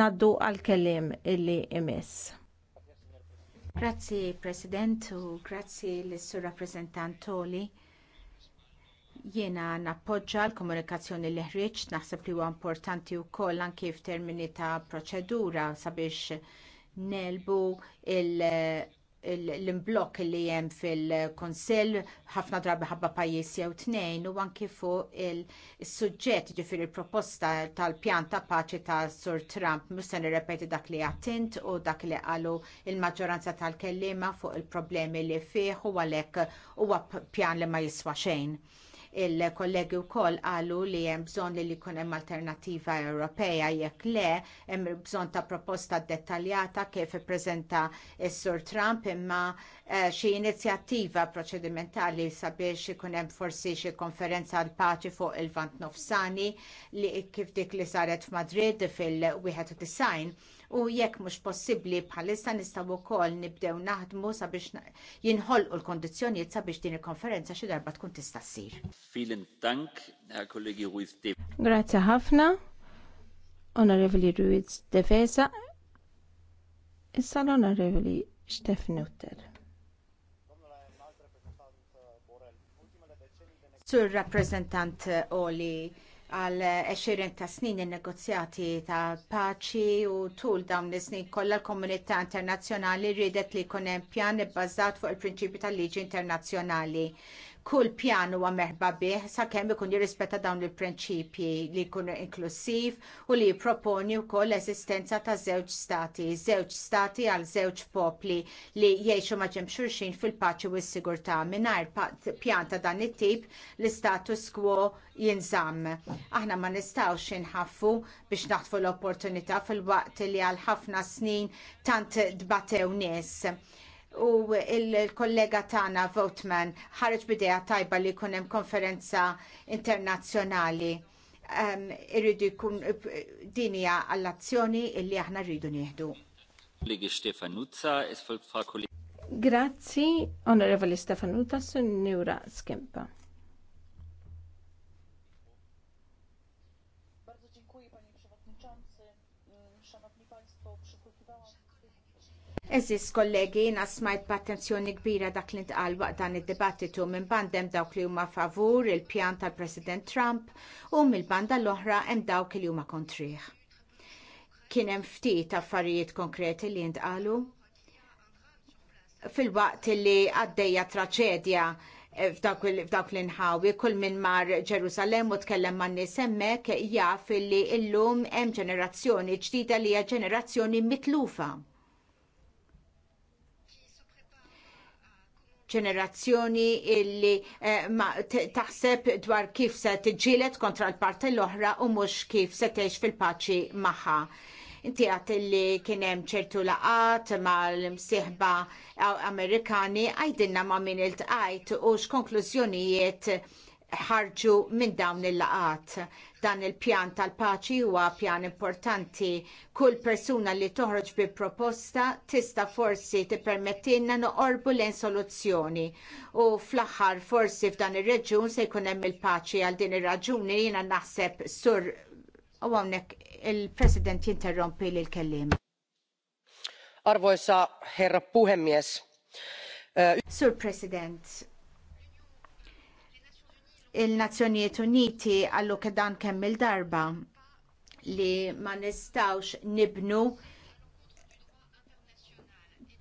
naddu għal kelliem illi imiss. Grazzi President u grazzi l-Sur Rappresentantoli. Jiena nappoġġa l-komunikazzjoni li ħriġ naħseb li huwa importanti wkoll anke f'termini ta' proċedura sabiex nelbu il- l-imblok li hemm fil kunsill ħafna drabi ħabba pajjiż jew tnejn u anki fuq il-suġġett il proposta tal-pjan ta' paċi ta' Sur Trump mhux se nirrepeti dak li għattint u dak li qalu il-maġġoranza tal-kellima fuq il-problemi li fih u għalhekk huwa pjan li ma jiswa xejn. Il-kollegi wkoll qalu li hemm bżonn li jkun hemm alternattiva Ewropea jekk le hemm bżonn ta' proposta dettaljata kif ippreżenta s-Sur Trump imma xie eh, xi inizjattiva proċedimentali sabiex ikun hemm forsi xi konferenza għal paċi fuq il-Vant Nofsani li kif dik li saret f'Madrid fil-91 u jekk mhux possibbli bħalissa nistgħu wkoll nibdew naħdmu sabiex jinħolqu l-kondizzjonijiet sabiex din il-konferenza xi darba tkun tista' ssir. Filin tank, kollegi Ruiz Grazzi ħafna. Onorevoli Ruiz Defesa. Issa l-Onorevoli Stefnutter. Sur rappresentant Oli, għal 20 ta' snin il-negozjati ta' paċi u tul dawn l-snin kollha l-komunità internazzjonali rridet li jkun hemm pjan ibbażat fuq il-prinċipju tal-liġi internazzjonali kull pjan huwa meħba bih sakemm ikun jirrispetta dawn il-prinċipji li jkunu inklusiv u li jipproponi wkoll l-eżistenza ta' żewġ stati, żewġ stati għal żewġ popli li jgħixu ma' ġemm xulxin fil-paċi u s-sigurtà mingħajr pjan ta' dan it-tip l-status quo jinżamm. Aħna ma nistgħux inħaffu biex naħtfu l-opportunità fil-waqt li għal ħafna snin tant dbatew nies u il-kollega Tana Votman ħareġ bidea tajba li jkun hemm konferenza internazzjonali um, irridu jkun dinja għall-azzjoni illi aħna rridu nieħdu. Grazzi, onorevoli Stefanuzza, Signora Skempa. Eżis kollegi, nasmajt b'attenzjoni kbira dak li ntqal waqt dan id-dibattitu minn bandem dawk li huma favur il-pjan tal-President Trump u mill-banda l-oħra hemm dawk li huma kontrih. Kien hemm ftit affarijiet konkreti li ntqalu fil-waqt li għaddejja traċedja f'dawk l-inħawi, kull minn mar Ġerusalem u tkellem man nies hemmhekk jaf li llum hemm ġenerazzjoni ġdida li hija ġenerazzjoni mitlufa ġenerazzjoni illi eh, taħseb dwar kif se tġilet kontra l-parti l-oħra u mhux kif se tgħix fil-paċi magħha. Inti għat li kienem ċertu laqat ma l-msieħba Amerikani għajdinna ma min il-tqajt u x-konklużjonijiet ħarġu minn dawn il-laqat. Dan il-pjan tal-paċi huwa pjan importanti. Kull persuna li toħroġ bi proposta tista forsi tippermettilna noqorbu lejn soluzzjoni. U fl-aħħar forsi f'dan ir-reġjun se jkun hemm il-paċi għal din ir-raġuni jiena naħseb sur u hawnhekk il-President jinterrompi lil kellim. Arvoisa herra puhemies. Uh... Sur President, il-Nazzjonijiet Uniti għallu dan kemm il-darba li ma nistawx nibnu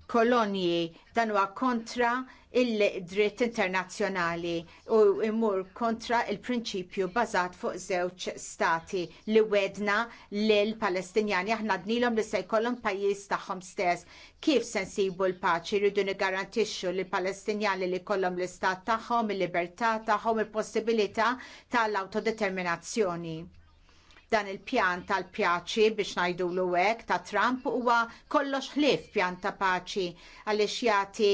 kolonji dan huwa kontra il-dritt internazzjonali u imur kontra il-prinċipju bazat fuq żewġ stati li wedna l palestinjani aħna dnilhom li se jkollhom pajjiż tagħhom stess. Kif se nsibu l-paċi rridu nigarantixxu li palestinjani li jkollhom l-istat tagħhom, il-libertà tagħhom, il-possibilità tal-autodeterminazzjoni. Dan il-pjan tal-pjaċi biex najdu l hekk ta' Trump huwa kollox ħlief pjan ta' paċi għaliex jagħti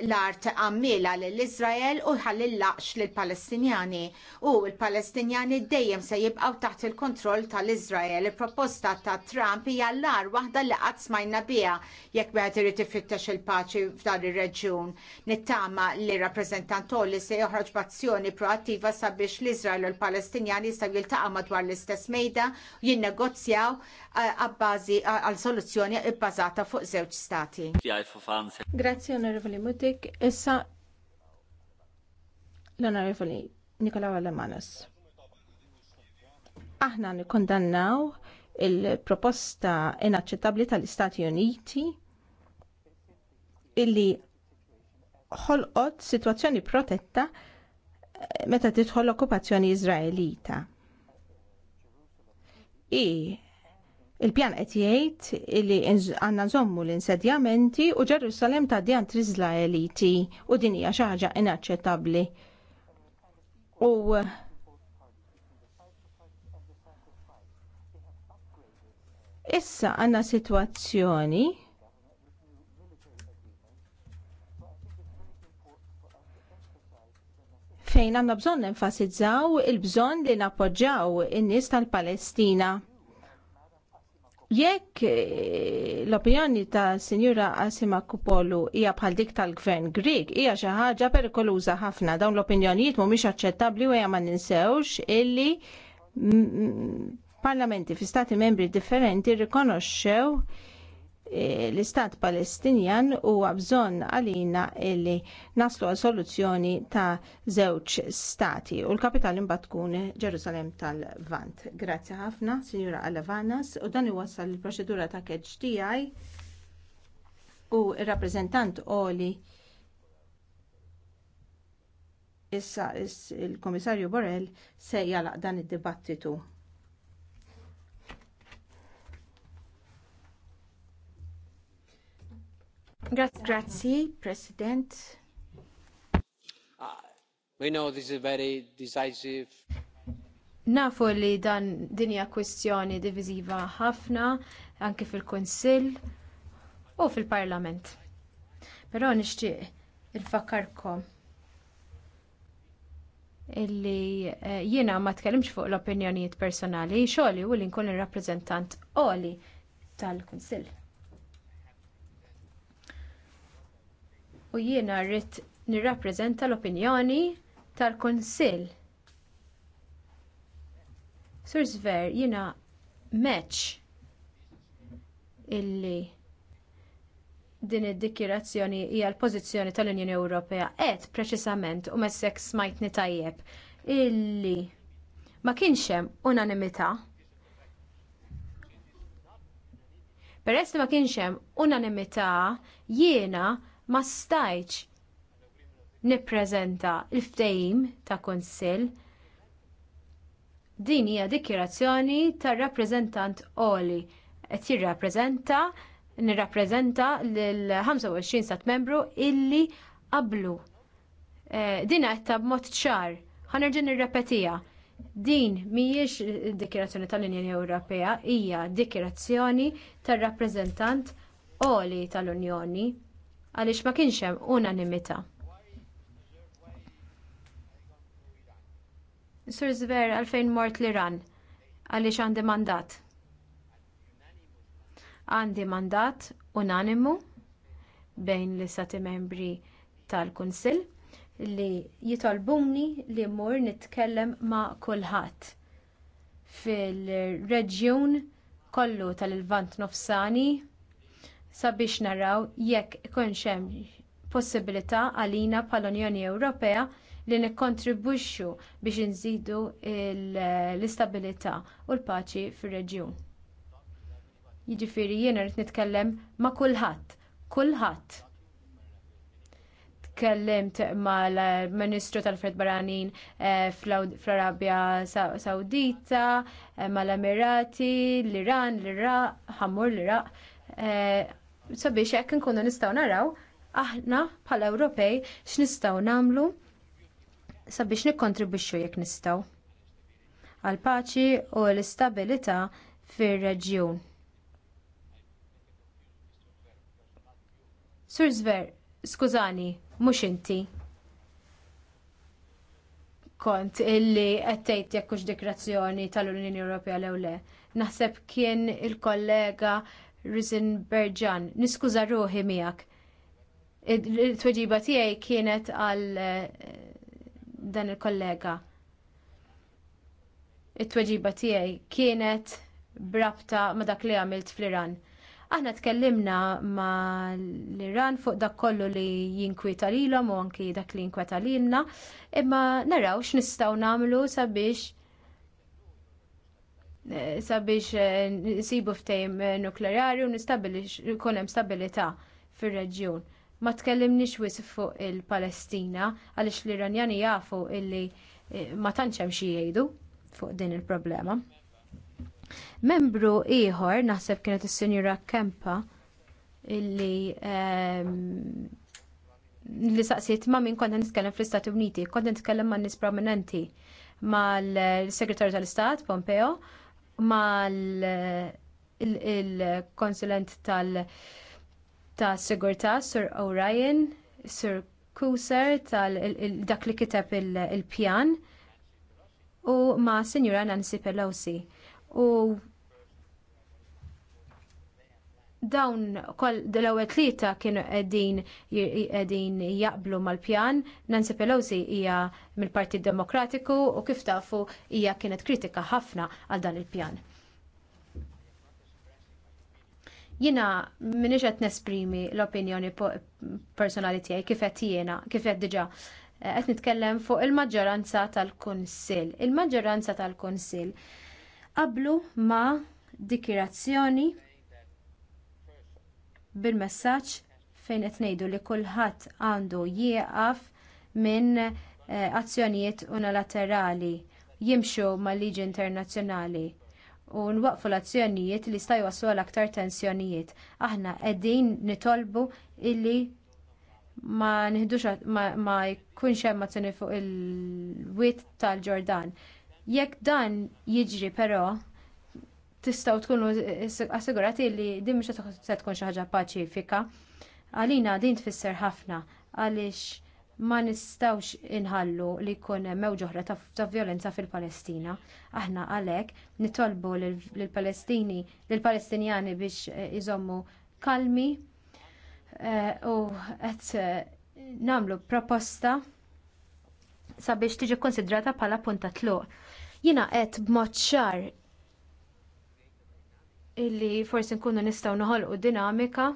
l-art għammila lill-Iżrael u ħalli laqx lill-Palestinjani. U l-Palestinjani dejjem se jibqgħu taħt il-kontroll tal-Iżrael. Il-proposta ta' Trump hija l-ar waħda li qatt smajna biha jekk wieħed irid ifittex il-paċi f'dan ir-reġjun. Nittama li rappreżentant li se joħroġ b'azzjoni proattiva sabiex l-Iżrael u l-Palestinjani jistgħu jiltaqgħu madwar l-istess smejda u jinnegozjaw għabbażi għal soluzzjoni bbażata fuq żewġ stati. Grazie onorevoli Mutik. Issa l-onorevoli Nikolaw Alemanas. Aħna nikondannaw il-proposta inaċċettabbli tal-Istati Uniti illi ħolqot situazzjoni protetta meta tidħol l-okkupazzjoni Izraelita i Il-pjan qed jgħid li għandna nżommu l-insedjamenti u Ġerussalem ta' trizla eliti u din hija xi ħaġa inaċċettabbli. U issa għandna sitwazzjoni fejn għandna bżonn nenfasizzaw il-bżonn li nappoġġjaw in-nies tal-Palestina. Jekk eh, l-opinjoni ta' Sinjura Asima Kupolu hija bħal dik tal-Gvern Grieg hija xi ħaġa perikoluża ħafna dawn l-opinjonijiet mhumiex aċċettabbli u hija ma ninsewx illi parlamenti fi stati membri differenti rikonoxxew l-istat palestinjan u bżonn għalina illi naslu għal soluzzjoni ta' żewġ stati u l-kapital imbagħad tkun Ġerusalem tal-Vant. Grazzi ħafna, Sinjura Alavanas, u dan iwassal il-proċedura ta' keġ tiegħi u r-rappreżentant Oli issa is il-Komissarju Borrell se jalaq dan id-dibattitu. Grazie, President. Uh, we know this is very decisive. Nafu li dan dinja kwestjoni diviziva ħafna anke fil-Kunsill u fil-Parlament. Però nixtieq il fakarkom illi eh, jiena ma tkellimx fuq l-opinjonijiet personali, xogħli u li nkun ir rappreżentant qoli tal-Kunsill. u jiena rrid nirrappreżenta l-opinjoni tal-Kunsill. Sur Zver, jiena meċ illi din id-dikjirazzjoni hija l-pożizzjoni tal-Unjoni Ewropea qed preċisament u messek smajtni tajjeb illi ma kienx hemm unanimità. Peress li ma kienx hemm unanimità jiena ma stajtx nippreżenta l-ftehim ta' kunsill din hija dikjerazzjoni tar-rappreżentant Oli qed jirrappreżenta nirrappreżenta lil 25 stat membru illi qablu. Eh, din qed ta' b'mod ċar. Ħanerġa' nirrepetiha. Din mhijiex id-dikjerazzjoni tal-Unjoni Ewropea, hija dikjerazzjoni tar-rappreżentant Oli tal-Unjoni għaliex ma kienx hemm unanimità. Sur Zver għalfejn mort li ran, għaliex għandi mandat. Għandi mandat unanimu bejn li sati membri tal-Kunsill li jitolbuni li mmur nitkellem ma' kulħadd fil-reġjun kollu tal-Lvant Nofsani sabiex naraw jekk ikunx hemm possibilità għalina bħala unjoni Ewropea li nikkontribwixxu biex inżidu l-istabilità u l-paċi fir-reġjun. Jiġifieri jiena rrid nitkellem ma' kulħadd, kulħadd tkellimt mal-Ministru tal-Fred Baranin eh, fl-Arabja Sawdita, eh, mal-Emirati, l-Iran, l-Iraq, ħammur l-Iraq. Eh, sabiex jekk nkunu nistgħu naraw aħna bħala Ewropej x'nistgħu nagħmlu sabiex nikkontribwixxu jekk nistgħu għal paċi u l-istabilità fir-reġjun. Sur Zver, skużani, mhux inti. Kont illi qed tgħid jekk hux dikrazzjoni tal-Unjoni Ewropea lew le. Naħseb kien il-kollega Berġan Niskuża ruħi miegħek. Il-tweġiba tiegħi kienet għal eh, dan il-kollega. It-tweġiba tiegħi kienet brabta ma dak li għamilt fl-Iran. Aħna tkellimna ma l-Iran fuq dak kollu li jinkwita lilhom u anki dak li jinkwita lilna, imma naraw x'nistgħu nagħmlu sabiex Eh, sabiex eh, nsibu ftejm eh, nukleari u jkun hemm stabilità fir-reġjun. Ma tkellimniex wis fuq il-Palestina għaliex l-Iranjani jafu illi ma tantx hemm xi jgħidu fuq din il-problema. Membru ieħor naħseb kienet is-Sinjura Kempa illi ehm, li saqsiet ma minn kont nitkellem fl-Istati Uniti, kont nitkellem ma' nis prominenti mal-Segretarju tal-Istat Pompeo Ma' l konsulent tal- ta' sigurtà Sir O'Ryan, Sir Kuser tal-dak li kiteb il-pjan u ma' Sinjura Nancy Pelosi. U dawn kol dal-ewwel tlieta kienu qegħdin jaqblu mal-pjan. Nancy Pelosi hija mill-Partit Demokratiku u kif tafu hija kienet kritika ħafna għal dan il-pjan. Jina minix qed nesprimi l-opinjoni personali tiegħi kif qed jiena, kif qed diġà eh, qed nitkellem fuq il-maġġoranza tal konsil Il-maġġoranza tal konsil qablu ma' dikirazzjoni bil-messaġġ fejn qed ngħidu li kulħadd għandu jieqaf minn eh, azzjonijiet unilaterali jimxu mal-liġi internazzjonali u nwaqfu l-azzjonijiet li sta' jwasslu għal aktar tensjonijiet. Aħna qegħdin nitolbu illi ma nħidux ma, jkunx hemm azzjoni fuq il-wit tal-Ġordan. Jekk dan jiġri però tistaw tkunu assigurati li din mhux se tkun xi ħaġa paċifika. Għalina din tfisser ħafna għaliex ma nistawx inħallu li jkun mewġ oħra ta' violenza fil-Palestina. Aħna għalhekk nitolbu lill-Palestini lill-Palestinjani biex eh, iżommu kalmi eh, u qed eh, nagħmlu proposta sabiex tiġi konsidrata bħala punta tluq. Jiena qed b'mod ċar illi forsi nkunu nistgħu noħolqu dinamika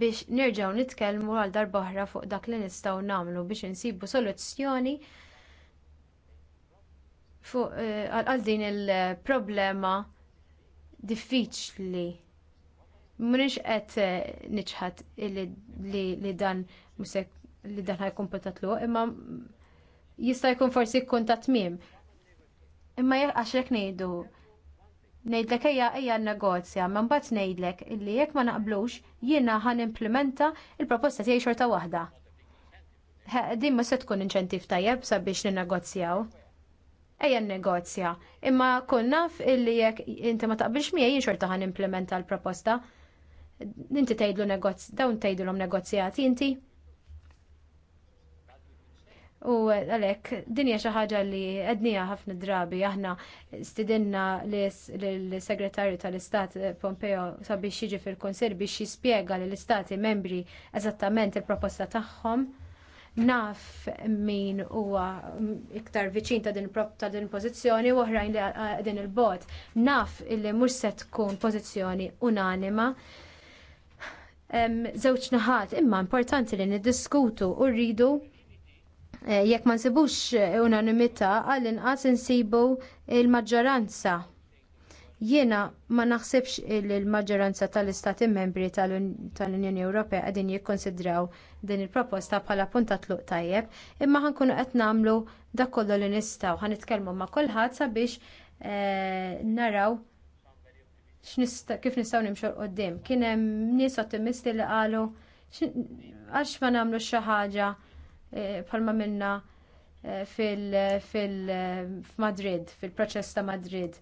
biex nerġgħu nitkellmu għal darba fuq dak li nistgħu nagħmlu biex insibu soluzzjoni fuq eh, għal din il-problema diffiċli. Mhux qed eh, niċħad li dan musek li dan ħajkun imma jista' jkun forsi jkun ta' tmiem. Imma għax jekk ngħidu Ngħidlek eja ejja negozja ma mbagħad ngħidlek li jekk ma naqblux jiena ħan implementa il-proposta tiegħi xorta waħda. Din ma se tkun inċentiv tajjeb sabiex ninnegozjaw. Ejja negozja imma kun naf illi jekk inti ma taqbilx mija jien xorta ħan implementa l-proposta. Inti tgħidlu negozja dawn tgħidulhom negozjati inti. U għalek, dinja xi ħaġa li għednija ħafna drabi, aħna stidinna l-segretarju tal-Istat Pompeo sabiex jiġi fil-Konsil biex jispjega l-Istati membri eżattament il-proposta tagħhom. Naf min huwa iktar viċin ta' din ta' din pożizzjoni u oħrajn li din il-bot. Naf illi mhux se tkun pożizzjoni unanima żewġ naħat imma importanti li niddiskutu u rridu Eh, jekk ma nsibux eh, unanimità għall-inqas insibu il-maġġoranza. Jiena ma naħsibx il-maġġoranza tal-Istati membri tal-Unjoni Ewropea qegħdin jikkonsidraw din il-proposta bħala punta tluq tajjeb, imma ħankunu qed nagħmlu dak kollu li nistgħu ħanitkellmu ma' kulħadd sabiex eh, naraw kif nistgħu nimxu qoddim. Kien hemm nies ottimisti li qalu għax ma nagħmlu xi ħaġa Eh, palma minna eh, fil-Madrid, fil-proċess ta' Madrid.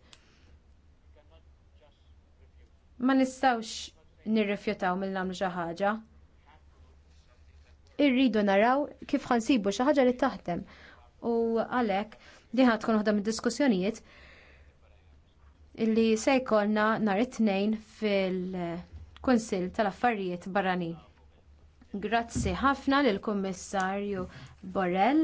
Ma nistawx nirrifjutaw mill-namlu xi ħaġa. Irridu naraw kif ħansibu xi ħaġa li taħdem. U għalhekk diħa tkun waħda mid-diskussjonijiet illi se jkollna nhar it-tnejn fil-Kunsill tal-Affarijiet Barranin. Grazzi ħafna lill kummissarju Borrell.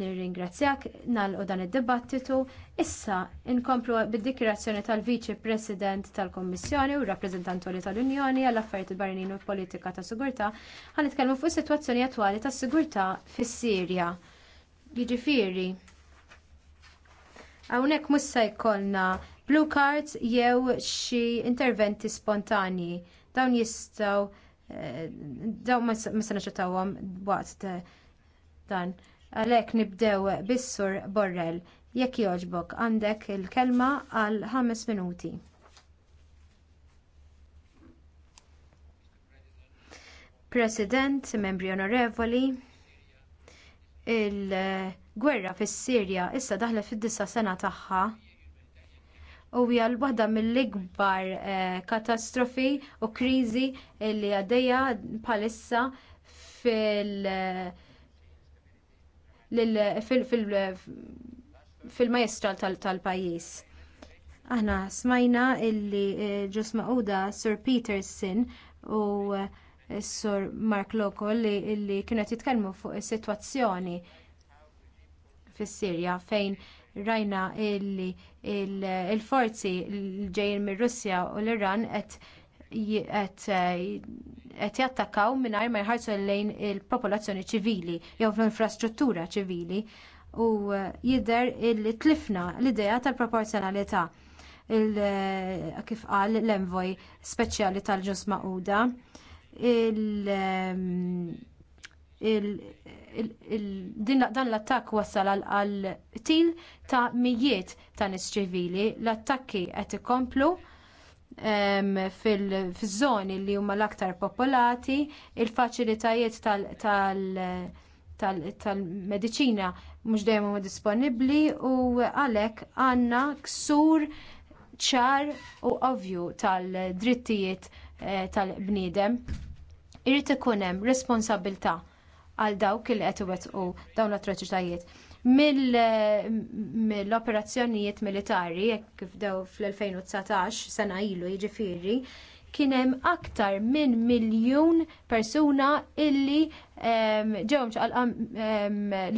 Nirringrazzjak nagħlqu dan id-dibattitu. Issa inkomplu bid-dikirazzjoni tal-Viċi President tal-Kommissjoni u rappreżentanti tal-Unjoni għall affarijiet barranin u politika ta' sigurtà ħan nitkellmu fuq is-sitwazzjoni attwali tas sigurtà fis-Sirja. Jiġifieri. Hawnhekk mhux se jkollna blue cards jew xi interventi spontanji. Dawn jistgħu daw ma se ċetawam waqt eh, dan. Għalhekk nibdew bissur sur Borrell. Jekk jogħġbok, għandek il-kelma għal ħames minuti. President, membri onorevoli, il-gwerra fis-Sirja issa daħlet fid-disa sena tagħha u hija l-waħda mill-ikbar eh, katastrofi u kriżi li għaddejja bħalissa fil- eh, majestral tal-pajis. Aħna smajna illi eh, ġus maquda Sir Peterson u Sir Mark Local illi kienu jitkellmu fuq is-sitwazzjoni fis-Sirja fejn Rajna illi il-forzi l-ġejjin mir russja u l-Iran eh, qed jattakkaw mingħajr ma jħarsu lejn il-popolazzjoni ċivili jew l-infrastruttura ċivili u eh, jidher li tlifna l-idea tal-proporzjonalità eh, kif qal l-envoj speċjali tal-ġus Magħquda ehm, dan l-attakk wassal għal til ta' mijiet ta' nis ċivili. L-attakki qed ikomplu fil-żoni li huma l-aktar popolati, il-faċilitajiet tal-medicina mhux dejjem huma disponibbli u għalhekk għandna ksur ċar u ovvju tal-drittijiet eh, tal-bniedem. Irrid ikun hemm responsabilità għal dawk li qed iwettqu dawn l-atroċitajiet. Mill-operazzjonijiet militari, kif daw fl-2019, sena ilu jiġifieri, kien hemm aktar minn miljun persuna illi ġew mċaqalqa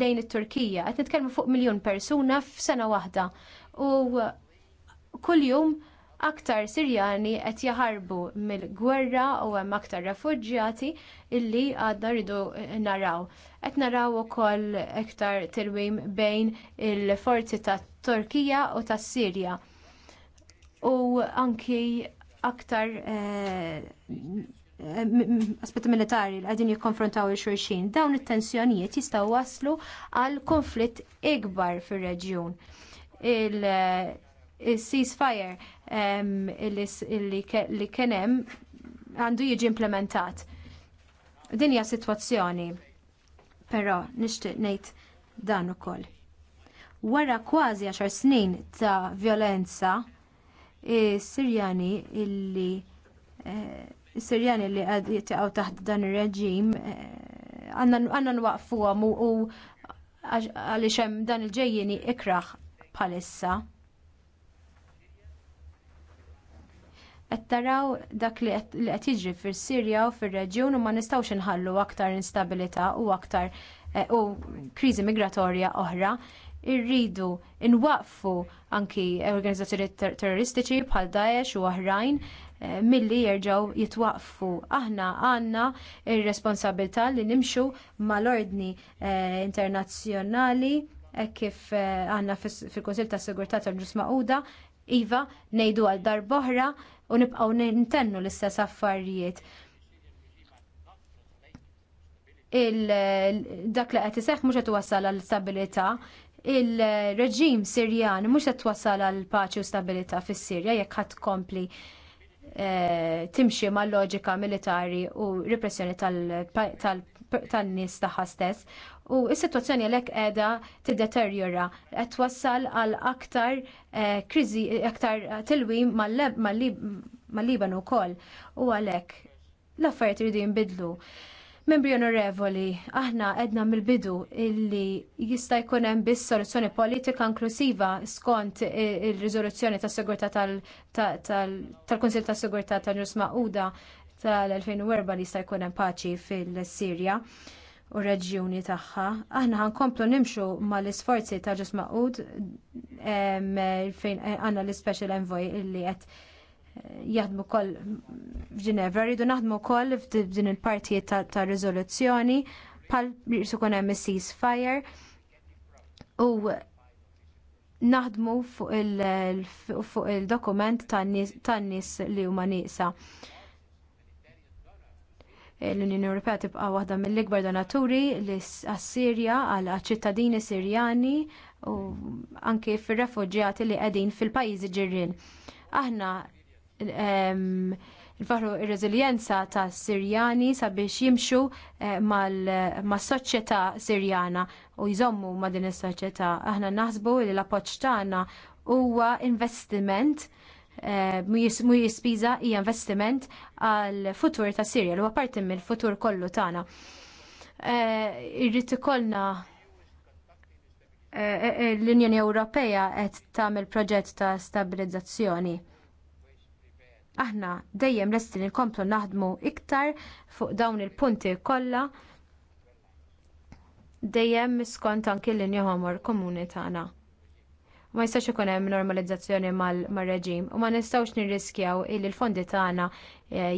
lejn it-Turkija. Qed nitkellmu fuq miljun persuna f'sena waħda. U kuljum jum aktar Sirjani qed jaħarbu mill-gwerra u hemm aktar refuġjati illi għadna rridu naraw. Qed naraw ukoll aktar tilwim bejn il-forzi tat Turkija u tas Sirja. U anki aktar eh, aspetti militari li għadin jikkonfrontaw il-xurxin, dawn it-tensjonijiet jistaw waslu għal konflitt ikbar fir-reġjun il-ceasefire li kienem għandu jiġi implementat. Din hija sitwazzjoni, però nixtieq ngħid dan ukoll. Wara kważi għaxar snin ta' violenza, is-Sirjani sirjani li qed taħt dan ir-reġim eh, għandna nwaqfuhom u għaliex hemm dan il-ġejjini ikraħ bħalissa. qed taraw dak li qed jiġri fis-Sirja u fir-reġjun u ma nistgħux inħallu aktar instabilità u aktar eh, u kriżi migratorja oħra. Irridu nwaqfu anki organizzazzjoni terroristiċi bħal Daesh u oħrajn eh, milli jerġgħu jitwaqfu. Aħna għandna ir-responsabilità li nimxu mal-ordni eh, internazzjonali kif għandna fil-Konsil tas Sigurtà tal-Ġus Maquda Iva, nejdu għal darboħra u nibqgħu nintennu l-istess affarijiet. dak li qed iseħħ mhux qed iwassal għall stabilità, il-reġim Sirjan mhux qed twassal għall paċi u stabilità fis-Sirja jekk ħadd kompli e, timxi mal loġika militari u repressjoni tal-nies tagħha stess u s-situazzjoni għalek edha t-deteriora, għed għal aktar eh, krizi, aktar tilwim mal-Libanu kol u għalek l-affarijiet rridu jinbidlu. Membri onorevoli, aħna edna mill-bidu illi jista' jkun hemm biss soluzzjoni politika inklusiva skont ir-riżoluzzjoni tas-sigurtà tal-Kunsill tas-Sigurtà tal Nus Maquda tal-2004 li jista' jkun hemm paċi fil-Sirja u reġjuni tagħha. Aħna ħankomplu nimxu mal-isforzi ta' ġus maqud fejn għandna l-Special Envoy illi qed eh, jaħdmu wkoll f'Ġinevra, rridu naħdmu wkoll f'din il-partijiet ta', rizoluzzjoni riżoluzzjoni bħal sukun ceasefire u naħdmu fuq il-dokument il dokument tan nies li huma nieqsa l-Unjoni Ewropea tibqa' waħda mill-ikbar donaturi għas-Sirja għal ċittadini Sirjani u anke fir-refuġjati li qegħdin fil-pajjiżi ġirien. Aħna nfaħru ir-reżiljenza ta' Sirjani sabiex jimxu eh, mas-soċjetà Sirjana u jżommu ma' din is-soċjetà. Aħna naħsbu li l-appoġġ tagħna huwa investiment Eh, mu jispiża hija investiment għal futur ta' Sirja, li huwa parti mill-futur kollu tagħna. Eh, irrid ikollna eh, l-Unjoni Ewropea qed tagħmel proġett ta' stabilizzazzjoni. Aħna dejjem lesti nkomplu naħdmu iktar fuq dawn il-punti kollha dejjem skont anki l-linja komuni tagħna ma jistax ikun hemm normalizzazzjoni mal-reġim u ma nistgħux nirriskjaw illi l-fondi tagħna eh,